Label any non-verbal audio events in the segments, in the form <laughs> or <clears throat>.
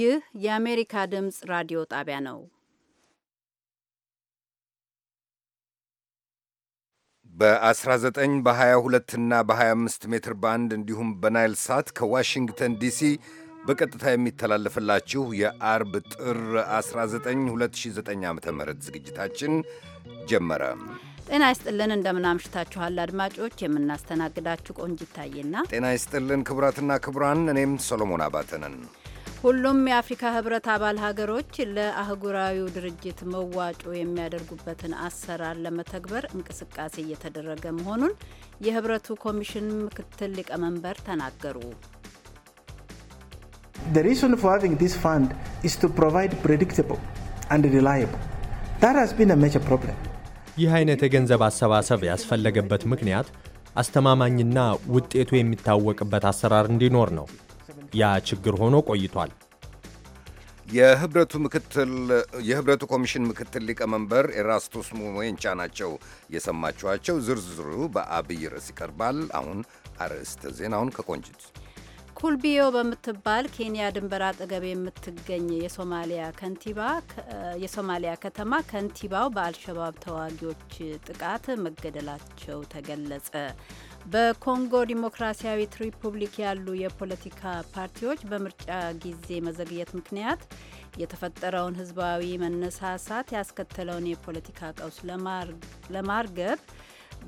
ይህ የአሜሪካ ድምፅ ራዲዮ ጣቢያ ነው። በ19 በ22 እና በ25 ሜትር ባንድ እንዲሁም በናይል ሳት ከዋሽንግተን ዲሲ በቀጥታ የሚተላለፍላችሁ የአርብ ጥር 19 2009 ዓ ም ዝግጅታችን ጀመረ። ጤና ይስጥልን እንደምናምሽታችኋል አድማጮች። የምናስተናግዳችሁ ቆንጅ ይታየና፣ ጤና ይስጥልን ክቡራትና ክቡራን፣ እኔም ሶሎሞን አባተ ነን። ሁሉም የአፍሪካ ህብረት አባል ሀገሮች ለአህጉራዊው ድርጅት መዋጮ የሚያደርጉበትን አሰራር ለመተግበር እንቅስቃሴ እየተደረገ መሆኑን የህብረቱ ኮሚሽን ምክትል ሊቀመንበር ተናገሩ። The reason for having this fund is to provide predictable and reliable. That has been a major problem. ይህ አይነት የገንዘብ አሰባሰብ ያስፈለገበት ምክንያት አስተማማኝና ውጤቱ የሚታወቅበት አሰራር እንዲኖር ነው። ያ ችግር ሆኖ ቆይቷል። የህብረቱ ኮሚሽን ምክትል ሊቀመንበር ኤራስቶስ ሙሞንቻ ናቸው የሰማችኋቸው። ዝርዝሩ በአብይ ርዕስ ይቀርባል። አሁን አርዕስተ ዜናውን ከቆንጅት ኩልቢዮ በምትባል ኬንያ ድንበር አጠገብ የምትገኝ የሶማሊያ ከንቲባ የሶማሊያ ከተማ ከንቲባው በአልሸባብ ተዋጊዎች ጥቃት መገደላቸው ተገለጸ። በኮንጎ ዲሞክራሲያዊት ሪፑብሊክ ያሉ የፖለቲካ ፓርቲዎች በምርጫ ጊዜ መዘግየት ምክንያት የተፈጠረውን ህዝባዊ መነሳሳት ያስከተለውን የፖለቲካ ቀውስ ለማርገብ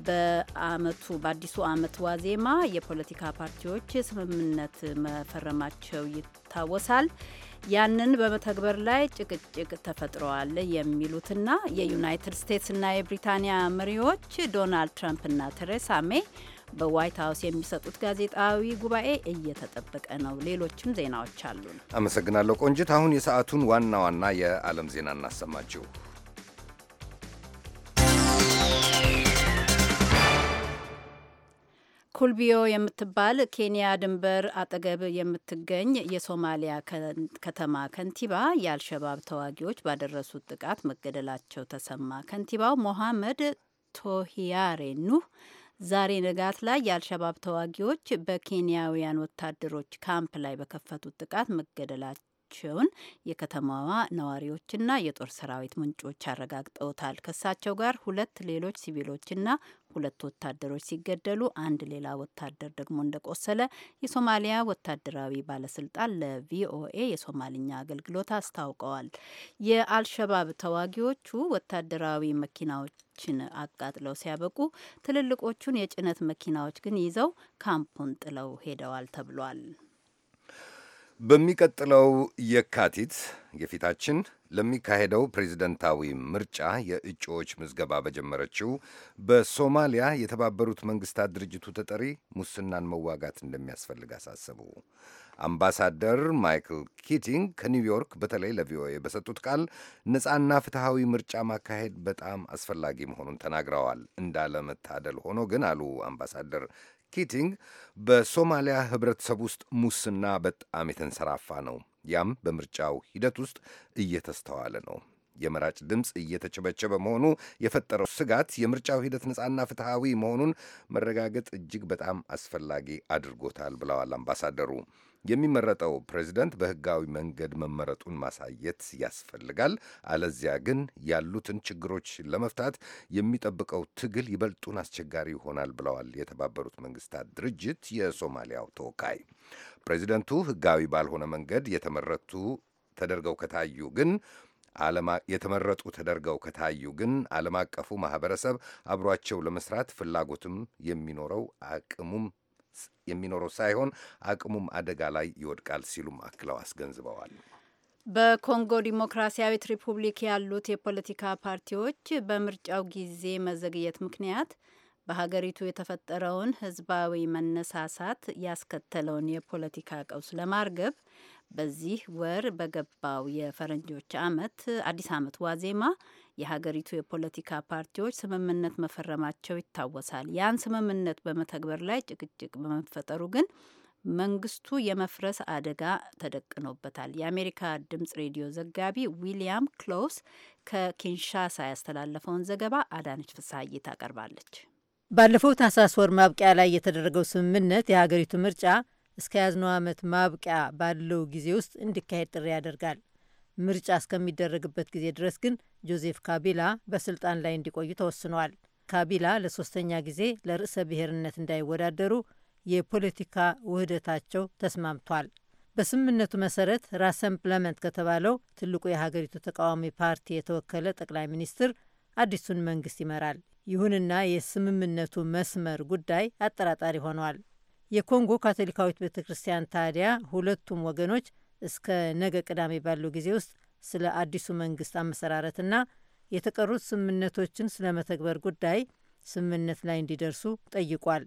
በአመቱ በአዲሱ አመት ዋዜማ የፖለቲካ ፓርቲዎች ስምምነት መፈረማቸው ይታወሳል። ያንን በመተግበር ላይ ጭቅጭቅ ተፈጥረዋል የሚሉትና የዩናይትድ ስቴትስና የብሪታንያ መሪዎች ዶናልድ ትራምፕና ቴሬሳ ሜይ በዋይት ሀውስ የሚሰጡት ጋዜጣዊ ጉባኤ እየተጠበቀ ነው። ሌሎችም ዜናዎች አሉን። አመሰግናለሁ ቆንጅት። አሁን የሰዓቱን ዋና ዋና የዓለም ዜና እናሰማችሁ። ኩልቢዮ የምትባል ኬንያ ድንበር አጠገብ የምትገኝ የሶማሊያ ከተማ ከንቲባ የአልሸባብ ተዋጊዎች ባደረሱት ጥቃት መገደላቸው ተሰማ። ከንቲባው ሞሐመድ ቶሂያሬ ኑህ ዛሬ ንጋት ላይ የአልሸባብ ተዋጊዎች በኬንያውያን ወታደሮች ካምፕ ላይ በከፈቱት ጥቃት መገደላቸው መሆናቸውን የከተማዋ ነዋሪዎችና የጦር ሰራዊት ምንጮች አረጋግጠውታል። ከሳቸው ጋር ሁለት ሌሎች ሲቪሎችና ሁለት ወታደሮች ሲገደሉ አንድ ሌላ ወታደር ደግሞ እንደቆሰለ የሶማሊያ ወታደራዊ ባለስልጣን ለቪኦኤ የሶማልኛ አገልግሎት አስታውቀዋል። የአልሸባብ ተዋጊዎቹ ወታደራዊ መኪናዎችን አቃጥለው ሲያበቁ ትልልቆቹን የጭነት መኪናዎች ግን ይዘው ካምፑን ጥለው ሄደዋል ተብሏል። በሚቀጥለው የካቲት የፊታችን ለሚካሄደው ፕሬዝደንታዊ ምርጫ የእጩዎች ምዝገባ በጀመረችው በሶማሊያ የተባበሩት መንግስታት ድርጅቱ ተጠሪ ሙስናን መዋጋት እንደሚያስፈልግ አሳሰቡ። አምባሳደር ማይክል ኪቲንግ ከኒውዮርክ በተለይ ለቪኦኤ በሰጡት ቃል ነፃና ፍትሐዊ ምርጫ ማካሄድ በጣም አስፈላጊ መሆኑን ተናግረዋል። እንዳለመታደል ሆኖ ግን አሉ አምባሳደር ኪቲንግ በሶማሊያ ህብረተሰብ ውስጥ ሙስና በጣም የተንሰራፋ ነው፣ ያም በምርጫው ሂደት ውስጥ እየተስተዋለ ነው። የመራጭ ድምፅ እየተቸበቸበ መሆኑ የፈጠረው ስጋት የምርጫው ሂደት ነጻና ፍትሐዊ መሆኑን መረጋገጥ እጅግ በጣም አስፈላጊ አድርጎታል ብለዋል አምባሳደሩ። የሚመረጠው ፕሬዚደንት በህጋዊ መንገድ መመረጡን ማሳየት ያስፈልጋል። አለዚያ ግን ያሉትን ችግሮች ለመፍታት የሚጠብቀው ትግል ይበልጡን አስቸጋሪ ይሆናል ብለዋል የተባበሩት መንግስታት ድርጅት የሶማሊያው ተወካይ። ፕሬዚደንቱ ህጋዊ ባልሆነ መንገድ የተመረቱ ተደርገው ከታዩ ግን የተመረጡ ተደርገው ከታዩ ግን ዓለም አቀፉ ማህበረሰብ አብሯቸው ለመስራት ፍላጎትም የሚኖረው አቅሙም የሚኖረው ሳይሆን አቅሙም አደጋ ላይ ይወድቃል ሲሉም አክለው አስገንዝበዋል። በኮንጎ ዲሞክራሲያዊት ሪፑብሊክ ያሉት የፖለቲካ ፓርቲዎች በምርጫው ጊዜ መዘግየት ምክንያት በሀገሪቱ የተፈጠረውን ህዝባዊ መነሳሳት ያስከተለውን የፖለቲካ ቀውስ ለማርገብ በዚህ ወር በገባው የፈረንጆች አመት አዲስ አመት ዋዜማ የሀገሪቱ የፖለቲካ ፓርቲዎች ስምምነት መፈረማቸው ይታወሳል። ያን ስምምነት በመተግበር ላይ ጭቅጭቅ በመፈጠሩ ግን መንግስቱ የመፍረስ አደጋ ተደቅኖበታል። የአሜሪካ ድምጽ ሬዲዮ ዘጋቢ ዊሊያም ክሎውስ ከኪንሻሳ ያስተላለፈውን ዘገባ አዳነች ፍስሀዬ ታቀርባለች። ባለፈው ታህሳስ ወር ማብቂያ ላይ የተደረገው ስምምነት የሀገሪቱ ምርጫ እስከ ያዝነው ዓመት ማብቂያ ባለው ጊዜ ውስጥ እንዲካሄድ ጥሪ ያደርጋል። ምርጫ እስከሚደረግበት ጊዜ ድረስ ግን ጆዜፍ ካቢላ በስልጣን ላይ እንዲቆዩ ተወስኗል። ካቢላ ለሶስተኛ ጊዜ ለርዕሰ ብሔርነት እንዳይወዳደሩ የፖለቲካ ውህደታቸው ተስማምቷል። በስምምነቱ መሰረት ራሰምፕለመንት ከተባለው ትልቁ የሀገሪቱ ተቃዋሚ ፓርቲ የተወከለ ጠቅላይ ሚኒስትር አዲሱን መንግስት ይመራል። ይሁንና የስምምነቱ መስመር ጉዳይ አጠራጣሪ ሆኗል። የኮንጎ ካቶሊካዊት ቤተ ክርስቲያን ታዲያ ሁለቱም ወገኖች እስከ ነገ ቅዳሜ ባለው ጊዜ ውስጥ ስለ አዲሱ መንግስት አመሰራረትና የተቀሩት ስምምነቶችን ስለ መተግበር ጉዳይ ስምምነት ላይ እንዲደርሱ ጠይቋል።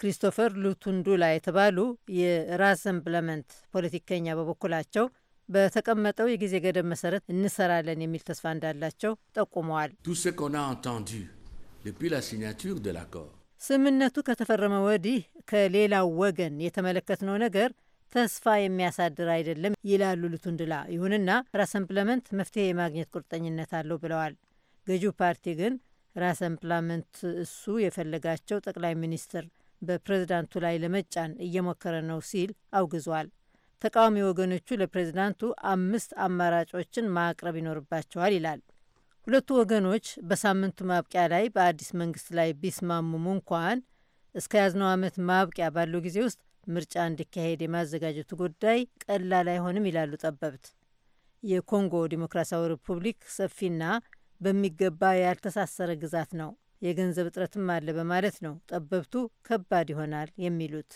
ክሪስቶፈር ሉቱንዱላ የተባሉ የራዘምብለመንት ፖለቲከኛ በበኩላቸው በተቀመጠው የጊዜ ገደብ መሰረት እንሰራለን የሚል ተስፋ እንዳላቸው ጠቁመዋል። ስምምነቱ ከተፈረመ ወዲህ ከሌላው ወገን የተመለከትነው ነገር ተስፋ የሚያሳድር አይደለም ይላሉ ሉቱንድላ። ይሁንና ራሰምፕላመንት መፍትሄ የማግኘት ቁርጠኝነት አለው ብለዋል። ገዢው ፓርቲ ግን ራሰምፕላመንት እሱ የፈለጋቸው ጠቅላይ ሚኒስትር በፕሬዝዳንቱ ላይ ለመጫን እየሞከረ ነው ሲል አውግዟል። ተቃዋሚ ወገኖቹ ለፕሬዝዳንቱ አምስት አማራጮችን ማቅረብ ይኖርባቸዋል ይላል። ሁለቱ ወገኖች በሳምንቱ ማብቂያ ላይ በአዲስ መንግስት ላይ ቢስማሙም እንኳን እስከ ያዝነው ዓመት ማብቂያ ባለው ጊዜ ውስጥ ምርጫ እንዲካሄድ የማዘጋጀቱ ጉዳይ ቀላል አይሆንም ይላሉ ጠበብት። የኮንጎ ዲሞክራሲያዊ ሪፑብሊክ ሰፊና በሚገባ ያልተሳሰረ ግዛት ነው። የገንዘብ እጥረትም አለ በማለት ነው ጠበብቱ ከባድ ይሆናል የሚሉት።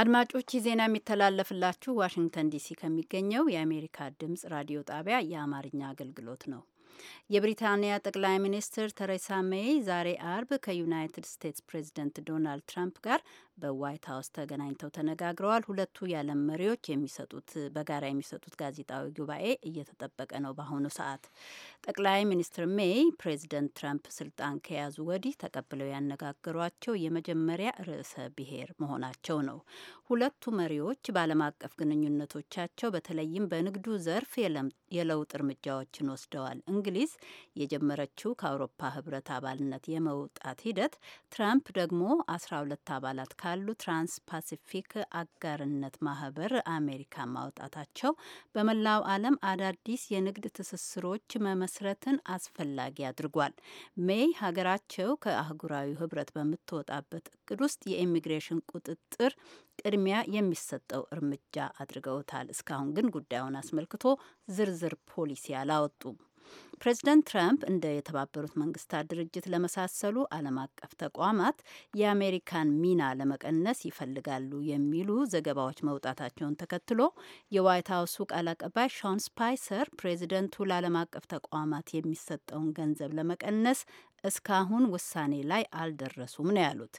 አድማጮች ዜና የሚተላለፍላችሁ ዋሽንግተን ዲሲ ከሚገኘው የአሜሪካ ድምጽ ራዲዮ ጣቢያ የአማርኛ አገልግሎት ነው። የብሪታንያ ጠቅላይ ሚኒስትር ተሬሳ ሜይ ዛሬ አርብ ከዩናይትድ ስቴትስ ፕሬዚደንት ዶናልድ ትራምፕ ጋር በዋይት ሀውስ ተገናኝተው ተነጋግረዋል። ሁለቱ የዓለም መሪዎች የሚሰጡት በጋራ የሚሰጡት ጋዜጣዊ ጉባኤ እየተጠበቀ ነው። በአሁኑ ሰዓት ጠቅላይ ሚኒስትር ሜይ ፕሬዚደንት ትራምፕ ስልጣን ከያዙ ወዲህ ተቀብለው ያነጋገሯቸው የመጀመሪያ ርዕሰ ብሔር መሆናቸው ነው። ሁለቱ መሪዎች በዓለም አቀፍ ግንኙነቶቻቸው በተለይም በንግዱ ዘርፍ የለውጥ እርምጃዎችን ወስደዋል። እንግሊዝ የጀመረችው ከአውሮፓ ህብረት አባልነት የመውጣት ሂደት ትራምፕ ደግሞ አስራ ሁለት አባላት ካሉ ትራንስ ፓሲፊክ አጋርነት ማህበር አሜሪካ ማውጣታቸው በመላው ዓለም አዳዲስ የንግድ ትስስሮች መመስረትን አስፈላጊ አድርጓል። ሜይ ሀገራቸው ከአህጉራዊ ህብረት በምትወጣበት እቅድ ውስጥ የኢሚግሬሽን ቁጥጥር ቅድሚያ የሚሰጠው እርምጃ አድርገውታል። እስካሁን ግን ጉዳዩን አስመልክቶ ዝርዝር ፖሊሲ አላወጡም። ፕሬዚደንት ትራምፕ እንደ የተባበሩት መንግስታት ድርጅት ለመሳሰሉ ዓለም አቀፍ ተቋማት የአሜሪካን ሚና ለመቀነስ ይፈልጋሉ የሚሉ ዘገባዎች መውጣታቸውን ተከትሎ የዋይት ሀውሱ ቃል አቀባይ ሾን ስፓይሰር ፕሬዚደንቱ ለዓለም አቀፍ ተቋማት የሚሰጠውን ገንዘብ ለመቀነስ እስካሁን ውሳኔ ላይ አልደረሱም ነው ያሉት።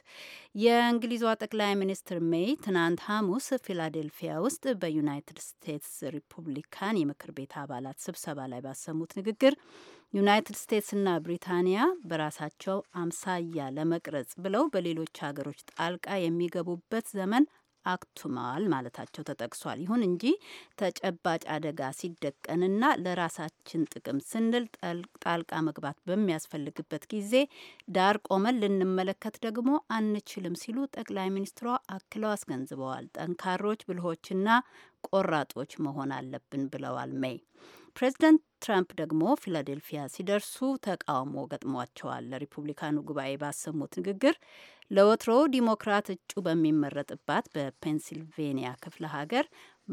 የእንግሊዟ ጠቅላይ ሚኒስትር ሜይ ትናንት ሐሙስ ፊላዴልፊያ ውስጥ በዩናይትድ ስቴትስ ሪፑብሊካን የምክር ቤት አባላት ስብሰባ ላይ ባሰሙት ንግግር ዩናይትድ ስቴትስና ብሪታንያ በራሳቸው አምሳያ ለመቅረጽ ብለው በሌሎች ሀገሮች ጣልቃ የሚገቡበት ዘመን አክቱማል ማለታቸው ተጠቅሷል። ይሁን እንጂ ተጨባጭ አደጋ ሲደቀንና ለራሳችን ጥቅም ስንል ጣልቃ መግባት በሚያስፈልግበት ጊዜ ዳር ቆመን ልንመለከት ደግሞ አንችልም ሲሉ ጠቅላይ ሚኒስትሯ አክለው አስገንዝበዋል። ጠንካሮች ብልሆችና ቆራጦች መሆን አለብን ብለዋል ሜይ ፕሬዚደንት ትራምፕ ደግሞ ፊላዴልፊያ ሲደርሱ ተቃውሞ ገጥሟቸዋል። ለሪፑብሊካኑ ጉባኤ ባሰሙት ንግግር ለወትሮ ዲሞክራት እጩ በሚመረጥባት በፔንሲልቬኒያ ክፍለ ሀገር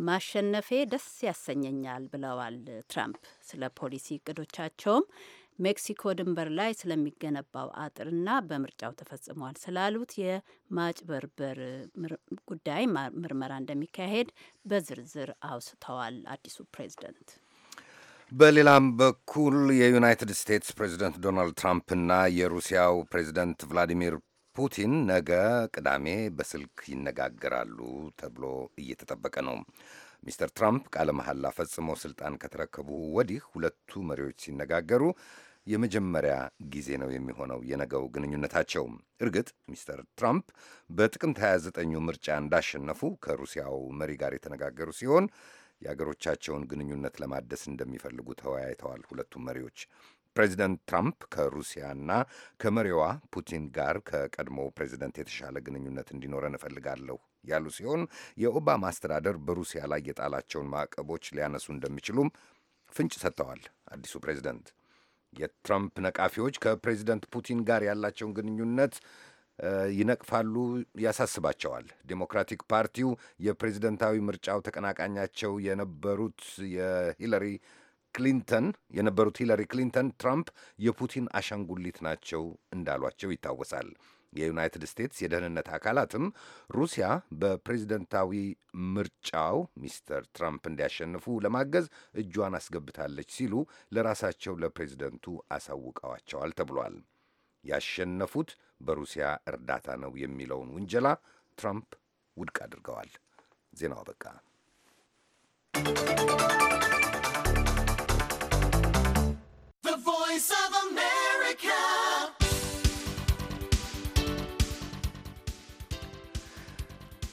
ማሸነፌ ደስ ያሰኘኛል ብለዋል ትራምፕ። ስለ ፖሊሲ እቅዶቻቸውም ሜክሲኮ ድንበር ላይ ስለሚገነባው አጥርና በምርጫው ተፈጽሟል ስላሉት የማጭበርበር ጉዳይ ምርመራ እንደሚካሄድ በዝርዝር አውስተዋል። አዲሱ ፕሬዝደንት በሌላም በኩል የዩናይትድ ስቴትስ ፕሬዚደንት ዶናልድ ትራምፕና የሩሲያው ፕሬዚደንት ቭላዲሚር ፑቲን ነገ ቅዳሜ በስልክ ይነጋገራሉ ተብሎ እየተጠበቀ ነው። ሚስተር ትራምፕ ቃለ መሐላ ፈጽመው ስልጣን ከተረከቡ ወዲህ ሁለቱ መሪዎች ሲነጋገሩ የመጀመሪያ ጊዜ ነው የሚሆነው የነገው ግንኙነታቸው። እርግጥ ሚስተር ትራምፕ በጥቅምት 29ኙ ምርጫ እንዳሸነፉ ከሩሲያው መሪ ጋር የተነጋገሩ ሲሆን የአገሮቻቸውን ግንኙነት ለማደስ እንደሚፈልጉ ተወያይተዋል ሁለቱም መሪዎች። ፕሬዚደንት ትራምፕ ከሩሲያና ከመሪዋ ፑቲን ጋር ከቀድሞ ፕሬዚደንት የተሻለ ግንኙነት እንዲኖረን እፈልጋለሁ ያሉ ሲሆን የኦባማ አስተዳደር በሩሲያ ላይ የጣላቸውን ማዕቀቦች ሊያነሱ እንደሚችሉም ፍንጭ ሰጥተዋል። አዲሱ ፕሬዚደንት የትራምፕ ነቃፊዎች ከፕሬዚደንት ፑቲን ጋር ያላቸውን ግንኙነት ይነቅፋሉ፣ ያሳስባቸዋል። ዴሞክራቲክ ፓርቲው የፕሬዚደንታዊ ምርጫው ተቀናቃኛቸው የነበሩት የሂለሪ ክሊንተን የነበሩት ሂለሪ ክሊንተን ትራምፕ የፑቲን አሻንጉሊት ናቸው እንዳሏቸው ይታወሳል። የዩናይትድ ስቴትስ የደህንነት አካላትም ሩሲያ በፕሬዝደንታዊ ምርጫው ሚስተር ትራምፕ እንዲያሸንፉ ለማገዝ እጇን አስገብታለች ሲሉ ለራሳቸው ለፕሬዝደንቱ አሳውቀዋቸዋል ተብሏል። ያሸነፉት በሩሲያ እርዳታ ነው የሚለውን ውንጀላ ትራምፕ ውድቅ አድርገዋል። ዜናው አበቃ።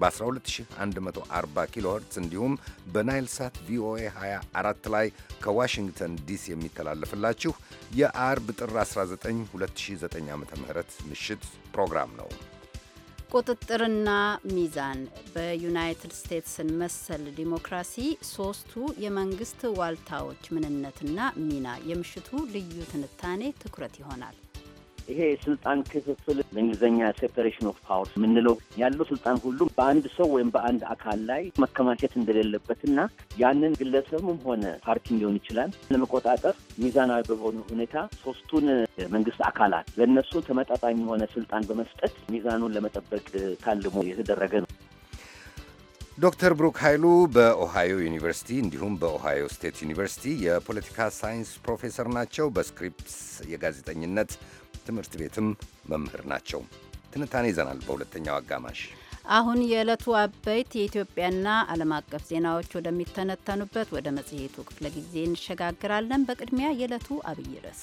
በ12140 ኪሎ ሄርትስ እንዲሁም በናይል ሳት ቪኦኤ 24 ላይ ከዋሽንግተን ዲሲ የሚተላለፍላችሁ የአርብ ጥር 19 2009 ዓ ም ምሽት ፕሮግራም ነው። ቁጥጥርና ሚዛን በዩናይትድ ስቴትስን መሰል ዲሞክራሲ ሶስቱ የመንግስት ዋልታዎች ምንነትና ሚና የምሽቱ ልዩ ትንታኔ ትኩረት ይሆናል። ይሄ የስልጣን ክፍፍል በእንግሊዝኛ ሴፐሬሽን ኦፍ ፓወር የምንለው ያለው ስልጣን ሁሉም በአንድ ሰው ወይም በአንድ አካል ላይ መከማቸት እንደሌለበትና ያንን ግለሰብም ሆነ ፓርቲም ሊሆን ይችላል ለመቆጣጠር ሚዛናዊ በሆነ ሁኔታ ሶስቱን መንግስት አካላት ለእነሱ ተመጣጣኝ የሆነ ስልጣን በመስጠት ሚዛኑን ለመጠበቅ ታልሞ የተደረገ ነው። ዶክተር ብሩክ ኃይሉ በኦሃዮ ዩኒቨርሲቲ እንዲሁም በኦሃዮ ስቴት ዩኒቨርሲቲ የፖለቲካ ሳይንስ ፕሮፌሰር ናቸው። በስክሪፕስ የጋዜጠኝነት ትምህርት ቤትም መምህር ናቸው። ትንታኔ ይዘናል በሁለተኛው አጋማሽ። አሁን የዕለቱ አበይት የኢትዮጵያና ዓለም አቀፍ ዜናዎች ወደሚተነተኑበት ወደ መጽሔቱ ክፍለ ጊዜ እንሸጋግራለን። በቅድሚያ የዕለቱ አብይ ርዕስ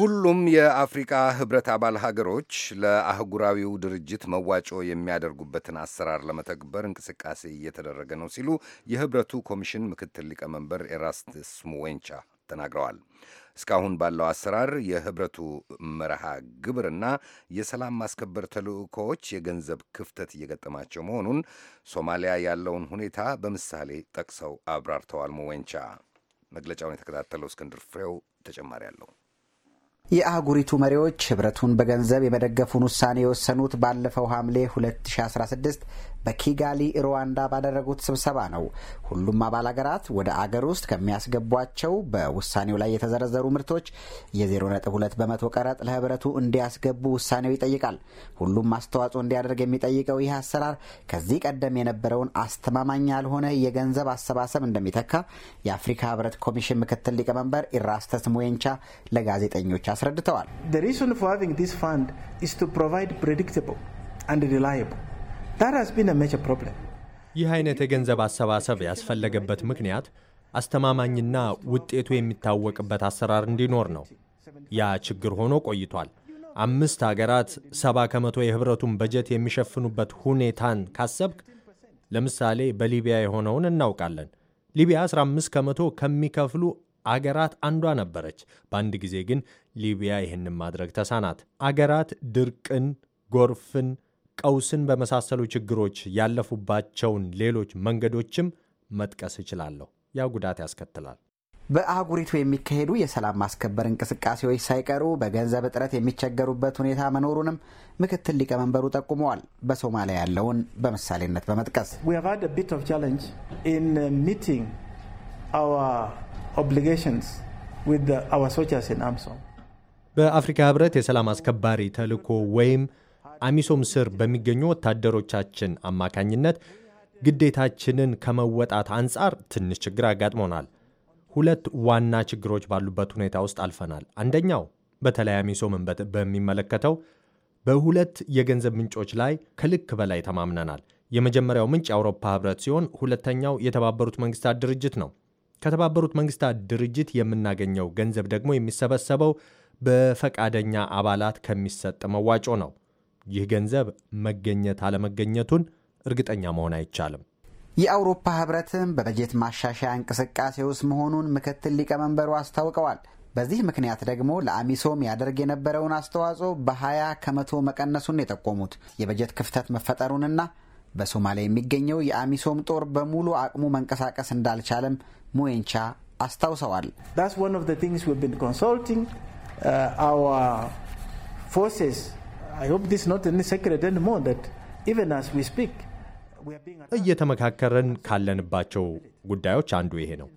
ሁሉም የአፍሪካ ህብረት አባል ሀገሮች ለአህጉራዊው ድርጅት መዋጮ የሚያደርጉበትን አሰራር ለመተግበር እንቅስቃሴ እየተደረገ ነው ሲሉ የህብረቱ ኮሚሽን ምክትል ሊቀመንበር ኤራስትስ ሙዌንቻ ተናግረዋል። እስካሁን ባለው አሰራር የህብረቱ መርሃ ግብርና የሰላም ማስከበር ተልእኮዎች የገንዘብ ክፍተት እየገጠማቸው መሆኑን ሶማሊያ ያለውን ሁኔታ በምሳሌ ጠቅሰው አብራርተዋል። ሞወንቻ መግለጫውን የተከታተለው እስክንድር ፍሬው ተጨማሪ አለው። የአህጉሪቱ መሪዎች ህብረቱን በገንዘብ የመደገፉን ውሳኔ የወሰኑት ባለፈው ሐምሌ 2016 በኪጋሊ ሩዋንዳ ባደረጉት ስብሰባ ነው። ሁሉም አባል አገራት ወደ አገር ውስጥ ከሚያስገቧቸው በውሳኔው ላይ የተዘረዘሩ ምርቶች የ0.2 በመቶ ቀረጥ ለህብረቱ እንዲያስገቡ ውሳኔው ይጠይቃል። ሁሉም አስተዋጽኦ እንዲያደርግ የሚጠይቀው ይህ አሰራር ከዚህ ቀደም የነበረውን አስተማማኝ ያልሆነ የገንዘብ አሰባሰብ እንደሚተካ የአፍሪካ ህብረት ኮሚሽን ምክትል ሊቀመንበር ኢራስተስ ሙዌንቻ ለጋዜጠኞች አስረድተዋል። ይህ አይነት የገንዘብ አሰባሰብ ያስፈለገበት ምክንያት አስተማማኝና ውጤቱ የሚታወቅበት አሰራር እንዲኖር ነው። ያ ችግር ሆኖ ቆይቷል። አምስት አገራት ሰባ ከመቶ የህብረቱን በጀት የሚሸፍኑበት ሁኔታን ካሰብክ፣ ለምሳሌ በሊቢያ የሆነውን እናውቃለን። ሊቢያ 15 ከመቶ ከሚከፍሉ አገራት አንዷ ነበረች። በአንድ ጊዜ ግን ሊቢያ ይህንን ማድረግ ተሳናት። አገራት ድርቅን፣ ጎርፍን፣ ቀውስን በመሳሰሉ ችግሮች ያለፉባቸውን ሌሎች መንገዶችም መጥቀስ እችላለሁ። ያ ጉዳት ያስከትላል። በአህጉሪቱ የሚካሄዱ የሰላም ማስከበር እንቅስቃሴዎች ሳይቀሩ በገንዘብ እጥረት የሚቸገሩበት ሁኔታ መኖሩንም ምክትል ሊቀመንበሩ ጠቁመዋል። በሶማሊያ ያለውን በምሳሌነት በመጥቀስ obligations with the, our soldiers in AMISOM በአፍሪካ ህብረት የሰላም አስከባሪ ተልዕኮ ወይም አሚሶም ስር በሚገኙ ወታደሮቻችን አማካኝነት ግዴታችንን ከመወጣት አንጻር ትንሽ ችግር አጋጥሞናል። ሁለት ዋና ችግሮች ባሉበት ሁኔታ ውስጥ አልፈናል። አንደኛው በተለይ አሚሶምን በሚመለከተው በሁለት የገንዘብ ምንጮች ላይ ከልክ በላይ ተማምነናል። የመጀመሪያው ምንጭ የአውሮፓ ህብረት ሲሆን ሁለተኛው የተባበሩት መንግስታት ድርጅት ነው። ከተባበሩት መንግስታት ድርጅት የምናገኘው ገንዘብ ደግሞ የሚሰበሰበው በፈቃደኛ አባላት ከሚሰጥ መዋጮ ነው። ይህ ገንዘብ መገኘት አለመገኘቱን እርግጠኛ መሆን አይቻልም። የአውሮፓ ህብረትም በበጀት ማሻሻያ እንቅስቃሴ ውስጥ መሆኑን ምክትል ሊቀመንበሩ አስታውቀዋል። በዚህ ምክንያት ደግሞ ለአሚሶም ያደርግ የነበረውን አስተዋጽኦ በ20 ከመቶ መቀነሱን የጠቆሙት የበጀት ክፍተት መፈጠሩንና በሶማሊያ የሚገኘው የአሚሶም ጦር በሙሉ አቅሙ መንቀሳቀስ እንዳልቻለም ሙዌንቻ አስታውሰዋል። uh, እየተመካከረን ካለንባቸው ጉዳዮች አንዱ ይሄ ነው።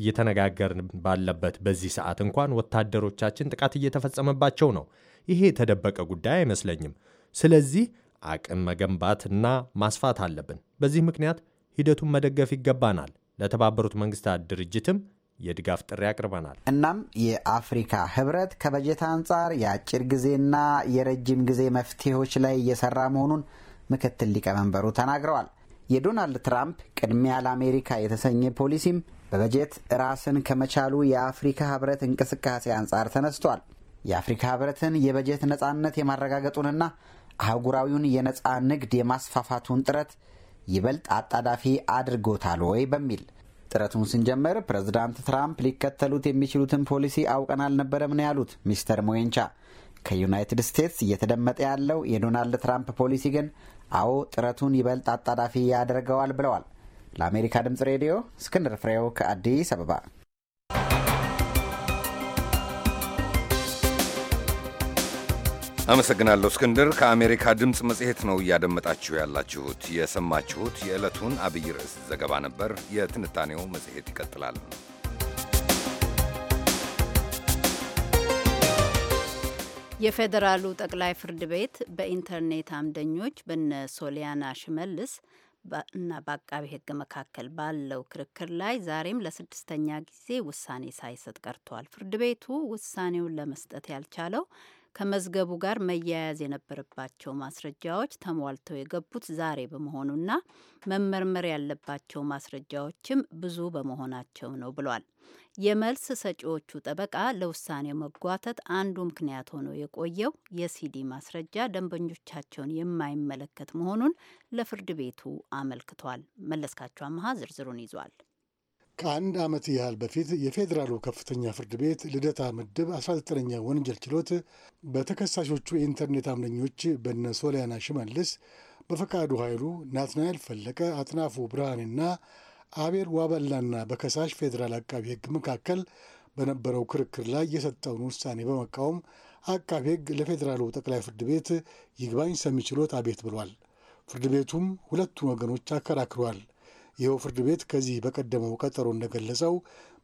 እየተነጋገርን ባለበት በዚህ ሰዓት እንኳን ወታደሮቻችን ጥቃት እየተፈጸመባቸው ነው። ይሄ የተደበቀ ጉዳይ አይመስለኝም። ስለዚህ አቅም መገንባትና ማስፋት አለብን። በዚህ ምክንያት ሂደቱን መደገፍ ይገባናል። ለተባበሩት መንግስታት ድርጅትም የድጋፍ ጥሪ አቅርበናል። እናም የአፍሪካ ህብረት ከበጀት አንጻር የአጭር ጊዜና የረጅም ጊዜ መፍትሄዎች ላይ እየሰራ መሆኑን ምክትል ሊቀመንበሩ ተናግረዋል። የዶናልድ ትራምፕ ቅድሚያ ለአሜሪካ የተሰኘ ፖሊሲም በበጀት ራስን ከመቻሉ የአፍሪካ ህብረት እንቅስቃሴ አንጻር ተነስቷል። የአፍሪካ ህብረትን የበጀት ነፃነት የማረጋገጡንና አህጉራዊውን የነፃ ንግድ የማስፋፋቱን ጥረት ይበልጥ አጣዳፊ አድርጎታል ወይ በሚል ጥረቱን ስንጀምር ፕሬዝዳንት ትራምፕ ሊከተሉት የሚችሉትን ፖሊሲ አውቀን አልነበረም ነው ያሉት ሚስተር ሞየንቻ። ከዩናይትድ ስቴትስ እየተደመጠ ያለው የዶናልድ ትራምፕ ፖሊሲ ግን አዎ ጥረቱን ይበልጥ አጣዳፊ ያደርገዋል ብለዋል። ለአሜሪካ ድምፅ ሬዲዮ እስክንድር ፍሬው ከአዲስ አበባ አመሰግናለሁ እስክንድር። ከአሜሪካ ድምፅ መጽሔት ነው እያደመጣችሁ ያላችሁት። የሰማችሁት የዕለቱን አብይ ርዕስ ዘገባ ነበር። የትንታኔው መጽሔት ይቀጥላል። የፌዴራሉ ጠቅላይ ፍርድ ቤት በኢንተርኔት አምደኞች በነ ሶሊያና ሽመልስ እና በአቃቢ ሕግ መካከል ባለው ክርክር ላይ ዛሬም ለስድስተኛ ጊዜ ውሳኔ ሳይሰጥ ቀርቷል። ፍርድ ቤቱ ውሳኔውን ለመስጠት ያልቻለው ከመዝገቡ ጋር መያያዝ የነበረባቸው ማስረጃዎች ተሟልተው የገቡት ዛሬ በመሆኑና መመርመር ያለባቸው ማስረጃዎችም ብዙ በመሆናቸው ነው ብሏል። የመልስ ሰጪዎቹ ጠበቃ ለውሳኔ መጓተት አንዱ ምክንያት ሆኖ የቆየው የሲዲ ማስረጃ ደንበኞቻቸውን የማይመለከት መሆኑን ለፍርድ ቤቱ አመልክቷል። መለስካቸው አመሀ ዝርዝሩን ይዟል። ከአንድ ዓመት ያህል በፊት የፌዴራሉ ከፍተኛ ፍርድ ቤት ልደታ ምድብ 19ኛ ወንጀል ችሎት በተከሳሾቹ የኢንተርኔት አምደኞች በነ ሶሊያና ሽመልስ፣ በፈቃዱ ኃይሉ፣ ናትናኤል ፈለቀ፣ አጥናፉ ብርሃኔና አቤል ዋበላና በከሳሽ ፌዴራል አቃቢ ሕግ መካከል በነበረው ክርክር ላይ የሰጠውን ውሳኔ በመቃወም አቃቢ ሕግ ለፌዴራሉ ጠቅላይ ፍርድ ቤት ይግባኝ ሰሚ ችሎት አቤት ብሏል። ፍርድ ቤቱም ሁለቱን ወገኖች አከራክሯል። ይኸው ፍርድ ቤት ከዚህ በቀደመው ቀጠሮ እንደገለጸው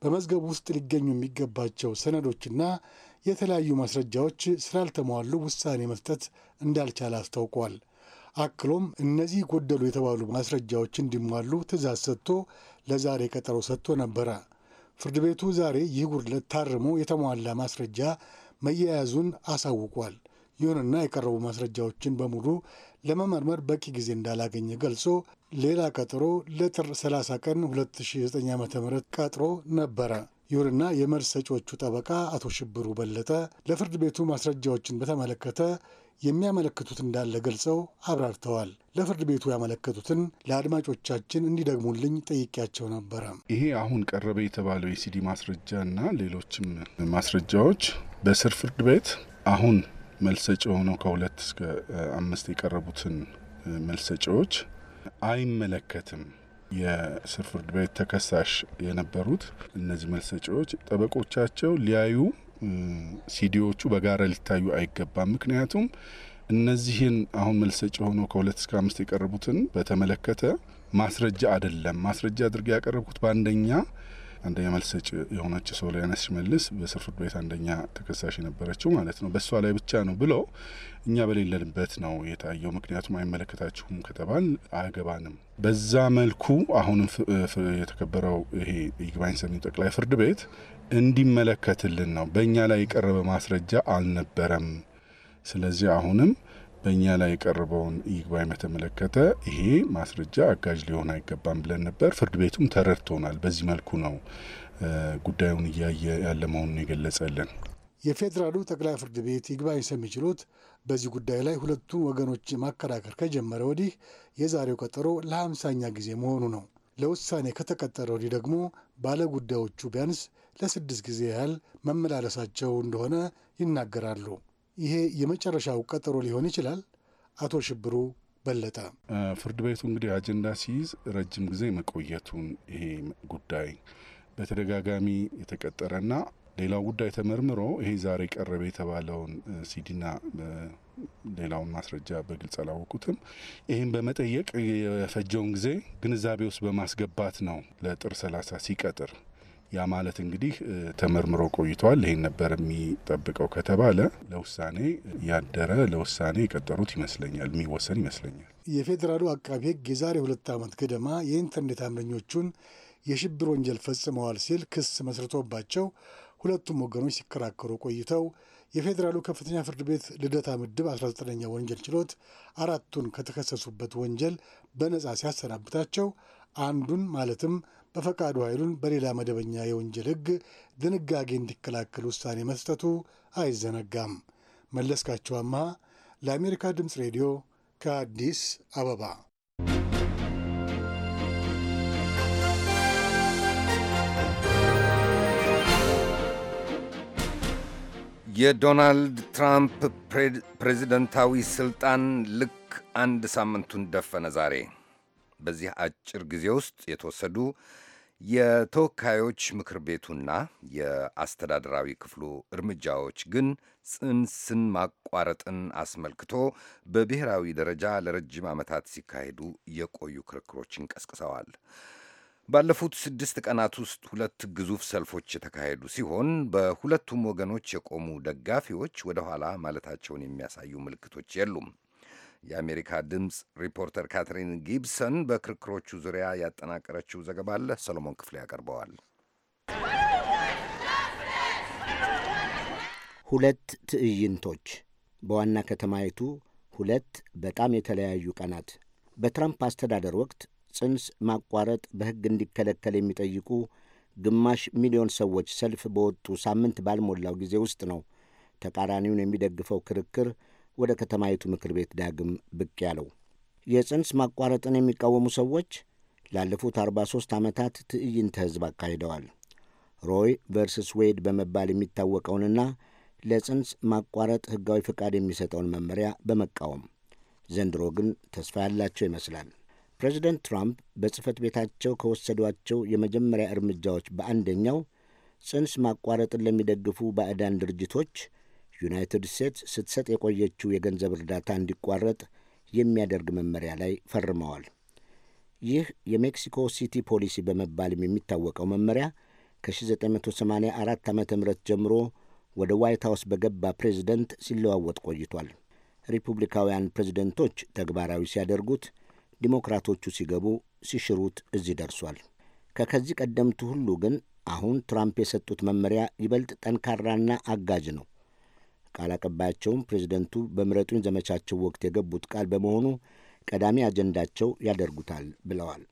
በመዝገብ ውስጥ ሊገኙ የሚገባቸው ሰነዶችና የተለያዩ ማስረጃዎች ስላልተሟሉ ውሳኔ መስጠት እንዳልቻለ አስታውቋል። አክሎም እነዚህ ጎደሉ የተባሉ ማስረጃዎች እንዲሟሉ ትእዛዝ ሰጥቶ ለዛሬ ቀጠሮ ሰጥቶ ነበረ። ፍርድ ቤቱ ዛሬ ይህ ጉድለት ታርሞ የተሟላ ማስረጃ መያያዙን አሳውቋል። ይሁንና የቀረቡ ማስረጃዎችን በሙሉ ለመመርመር በቂ ጊዜ እንዳላገኘ ገልጾ ሌላ ቀጠሮ ለጥር 30 ቀን 2009 ም ቀጥሮ ነበረ። ይሁንና የመልስ ሰጪዎቹ ጠበቃ አቶ ሽብሩ በለጠ ለፍርድ ቤቱ ማስረጃዎችን በተመለከተ የሚያመለክቱት እንዳለ ገልጸው አብራርተዋል። ለፍርድ ቤቱ ያመለከቱትን ለአድማጮቻችን እንዲደግሙልኝ ጠይቄያቸው ነበረ። ይሄ አሁን ቀረበ የተባለው የሲዲ ማስረጃ እና ሌሎችም ማስረጃዎች በስር ፍርድ ቤት አሁን መልሰጭ ሰጪ ከሁለት እስከ አምስት የቀረቡትን መልሰጫዎች አይመለከትም። የስር ፍርድ ቤት ተከሳሽ የነበሩት እነዚህ መልሰጫዎች ጠበቆቻቸው ሊያዩ ሲዲዎቹ በጋራ ሊታዩ አይገባም። ምክንያቱም እነዚህን አሁን መልሰጭ ሆኖ ከሁለት እስከ አምስት የቀረቡትን በተመለከተ ማስረጃ አይደለም። ማስረጃ አድርጌ ያቀረብኩት በአንደኛ አንደኛ መልስ ሰጪ የሆነች ሶሊያና ሽመልስ በስር ፍርድ ቤት አንደኛ ተከሳሽ የነበረችው ማለት ነው። በእሷ ላይ ብቻ ነው ብሎ እኛ በሌለንበት ነው የታየው። ምክንያቱም አይመለከታችሁም ከተባል አያገባንም። በዛ መልኩ አሁንም የተከበረው ይሄ ይግባኝ ሰሚ ጠቅላይ ፍርድ ቤት እንዲመለከትልን ነው። በእኛ ላይ የቀረበ ማስረጃ አልነበረም። ስለዚህ አሁንም በእኛ ላይ የቀረበውን ይግባኝ በተመለከተ ይሄ ማስረጃ አጋዥ ሊሆን አይገባም ብለን ነበር። ፍርድ ቤቱም ተረድቶናል። በዚህ መልኩ ነው ጉዳዩን እያየ ያለ መሆኑን የገለጸልን። የፌዴራሉ ጠቅላይ ፍርድ ቤት ይግባኝ ሰሚ ችሎት በዚህ ጉዳይ ላይ ሁለቱን ወገኖች ማከራከር ከጀመረ ወዲህ የዛሬው ቀጠሮ ለሀምሳኛ ጊዜ መሆኑ ነው። ለውሳኔ ከተቀጠረ ወዲህ ደግሞ ባለጉዳዮቹ ቢያንስ ለስድስት ጊዜ ያህል መመላለሳቸው እንደሆነ ይናገራሉ። ይሄ የመጨረሻው ቀጠሮ ሊሆን ይችላል? አቶ ሽብሩ በለጠ ፍርድ ቤቱ እንግዲህ አጀንዳ ሲይዝ ረጅም ጊዜ መቆየቱን ይሄ ጉዳይ በተደጋጋሚ የተቀጠረና ሌላው ጉዳይ ተመርምሮ ይሄ ዛሬ ቀረበ የተባለውን ሲዲና ሌላውን ማስረጃ በግልጽ አላወቁትም። ይህም በመጠየቅ የፈጀውን ጊዜ ግንዛቤ ውስጥ በማስገባት ነው ለጥር ሰላሳ ሲቀጥር ያ ማለት እንግዲህ ተመርምሮ ቆይተዋል። ይሄን ነበር የሚጠብቀው ከተባለ ለውሳኔ ያደረ ለውሳኔ የቀጠሩት ይመስለኛል፣ የሚወሰን ይመስለኛል። የፌዴራሉ አቃቢ ሕግ የዛሬ ሁለት ዓመት ገደማ የኢንተርኔት አምረኞቹን የሽብር ወንጀል ፈጽመዋል ሲል ክስ መስርቶባቸው ሁለቱም ወገኖች ሲከራከሩ ቆይተው የፌዴራሉ ከፍተኛ ፍርድ ቤት ልደታ ምድብ 19ኛ ወንጀል ችሎት አራቱን ከተከሰሱበት ወንጀል በነጻ ሲያሰናብታቸው አንዱን ማለትም በፈቃዱ ኃይሉን በሌላ መደበኛ የወንጀል ሕግ ድንጋጌ እንዲከላከል ውሳኔ መስጠቱ አይዘነጋም። መለስካቸው አምሃ ለአሜሪካ ድምፅ ሬዲዮ ከአዲስ አበባ የዶናልድ ትራምፕ ፕሬዚደንታዊ ስልጣን ልክ አንድ ሳምንቱን ደፈነ ዛሬ። በዚህ አጭር ጊዜ ውስጥ የተወሰዱ የተወካዮች ምክር ቤቱና የአስተዳደራዊ ክፍሉ እርምጃዎች ግን ጽንስን ማቋረጥን አስመልክቶ በብሔራዊ ደረጃ ለረጅም ዓመታት ሲካሄዱ የቆዩ ክርክሮችን ቀስቅሰዋል። ባለፉት ስድስት ቀናት ውስጥ ሁለት ግዙፍ ሰልፎች የተካሄዱ ሲሆን በሁለቱም ወገኖች የቆሙ ደጋፊዎች ወደ ኋላ ማለታቸውን የሚያሳዩ ምልክቶች የሉም። የአሜሪካ ድምፅ ሪፖርተር ካትሪን ጊብሰን በክርክሮቹ ዙሪያ ያጠናቀረችው ዘገባ አለ። ሰሎሞን ክፍሌ ያቀርበዋል። ሁለት ትዕይንቶች በዋና ከተማይቱ ሁለት በጣም የተለያዩ ቀናት በትራምፕ አስተዳደር ወቅት ጽንስ ማቋረጥ በሕግ እንዲከለከል የሚጠይቁ ግማሽ ሚሊዮን ሰዎች ሰልፍ በወጡ ሳምንት ባልሞላው ጊዜ ውስጥ ነው ተቃራኒውን የሚደግፈው ክርክር ወደ ከተማይቱ ምክር ቤት ዳግም ብቅ ያለው። የጽንስ ማቋረጥን የሚቃወሙ ሰዎች ላለፉት 43 ዓመታት ትዕይንተ ሕዝብ አካሂደዋል። ሮይ ቨርስስ ዌድ በመባል የሚታወቀውንና ለጽንስ ማቋረጥ ሕጋዊ ፈቃድ የሚሰጠውን መመሪያ በመቃወም ዘንድሮ ግን ተስፋ ያላቸው ይመስላል። ፕሬዚደንት ትራምፕ በጽህፈት ቤታቸው ከወሰዷቸው የመጀመሪያ እርምጃዎች በአንደኛው ጽንስ ማቋረጥን ለሚደግፉ ባዕዳን ድርጅቶች ዩናይትድ ስቴትስ ስትሰጥ የቆየችው የገንዘብ እርዳታ እንዲቋረጥ የሚያደርግ መመሪያ ላይ ፈርመዋል። ይህ የሜክሲኮ ሲቲ ፖሊሲ በመባልም የሚታወቀው መመሪያ ከ1984 ዓ ም ጀምሮ ወደ ዋይት ሃውስ በገባ ፕሬዝደንት ሲለዋወጥ ቆይቷል። ሪፑብሊካውያን ፕሬዝደንቶች ተግባራዊ ሲያደርጉት፣ ዲሞክራቶቹ ሲገቡ ሲሽሩት እዚህ ደርሷል። ከከዚህ ቀደምቱ ሁሉ ግን አሁን ትራምፕ የሰጡት መመሪያ ይበልጥ ጠንካራና አጋዥ ነው። ቃል አቀባያቸውም ፕሬዚደንቱ በምረጡኝ ዘመቻቸው ወቅት የገቡት ቃል በመሆኑ ቀዳሚ አጀንዳቸው ያደርጉታል ብለዋል።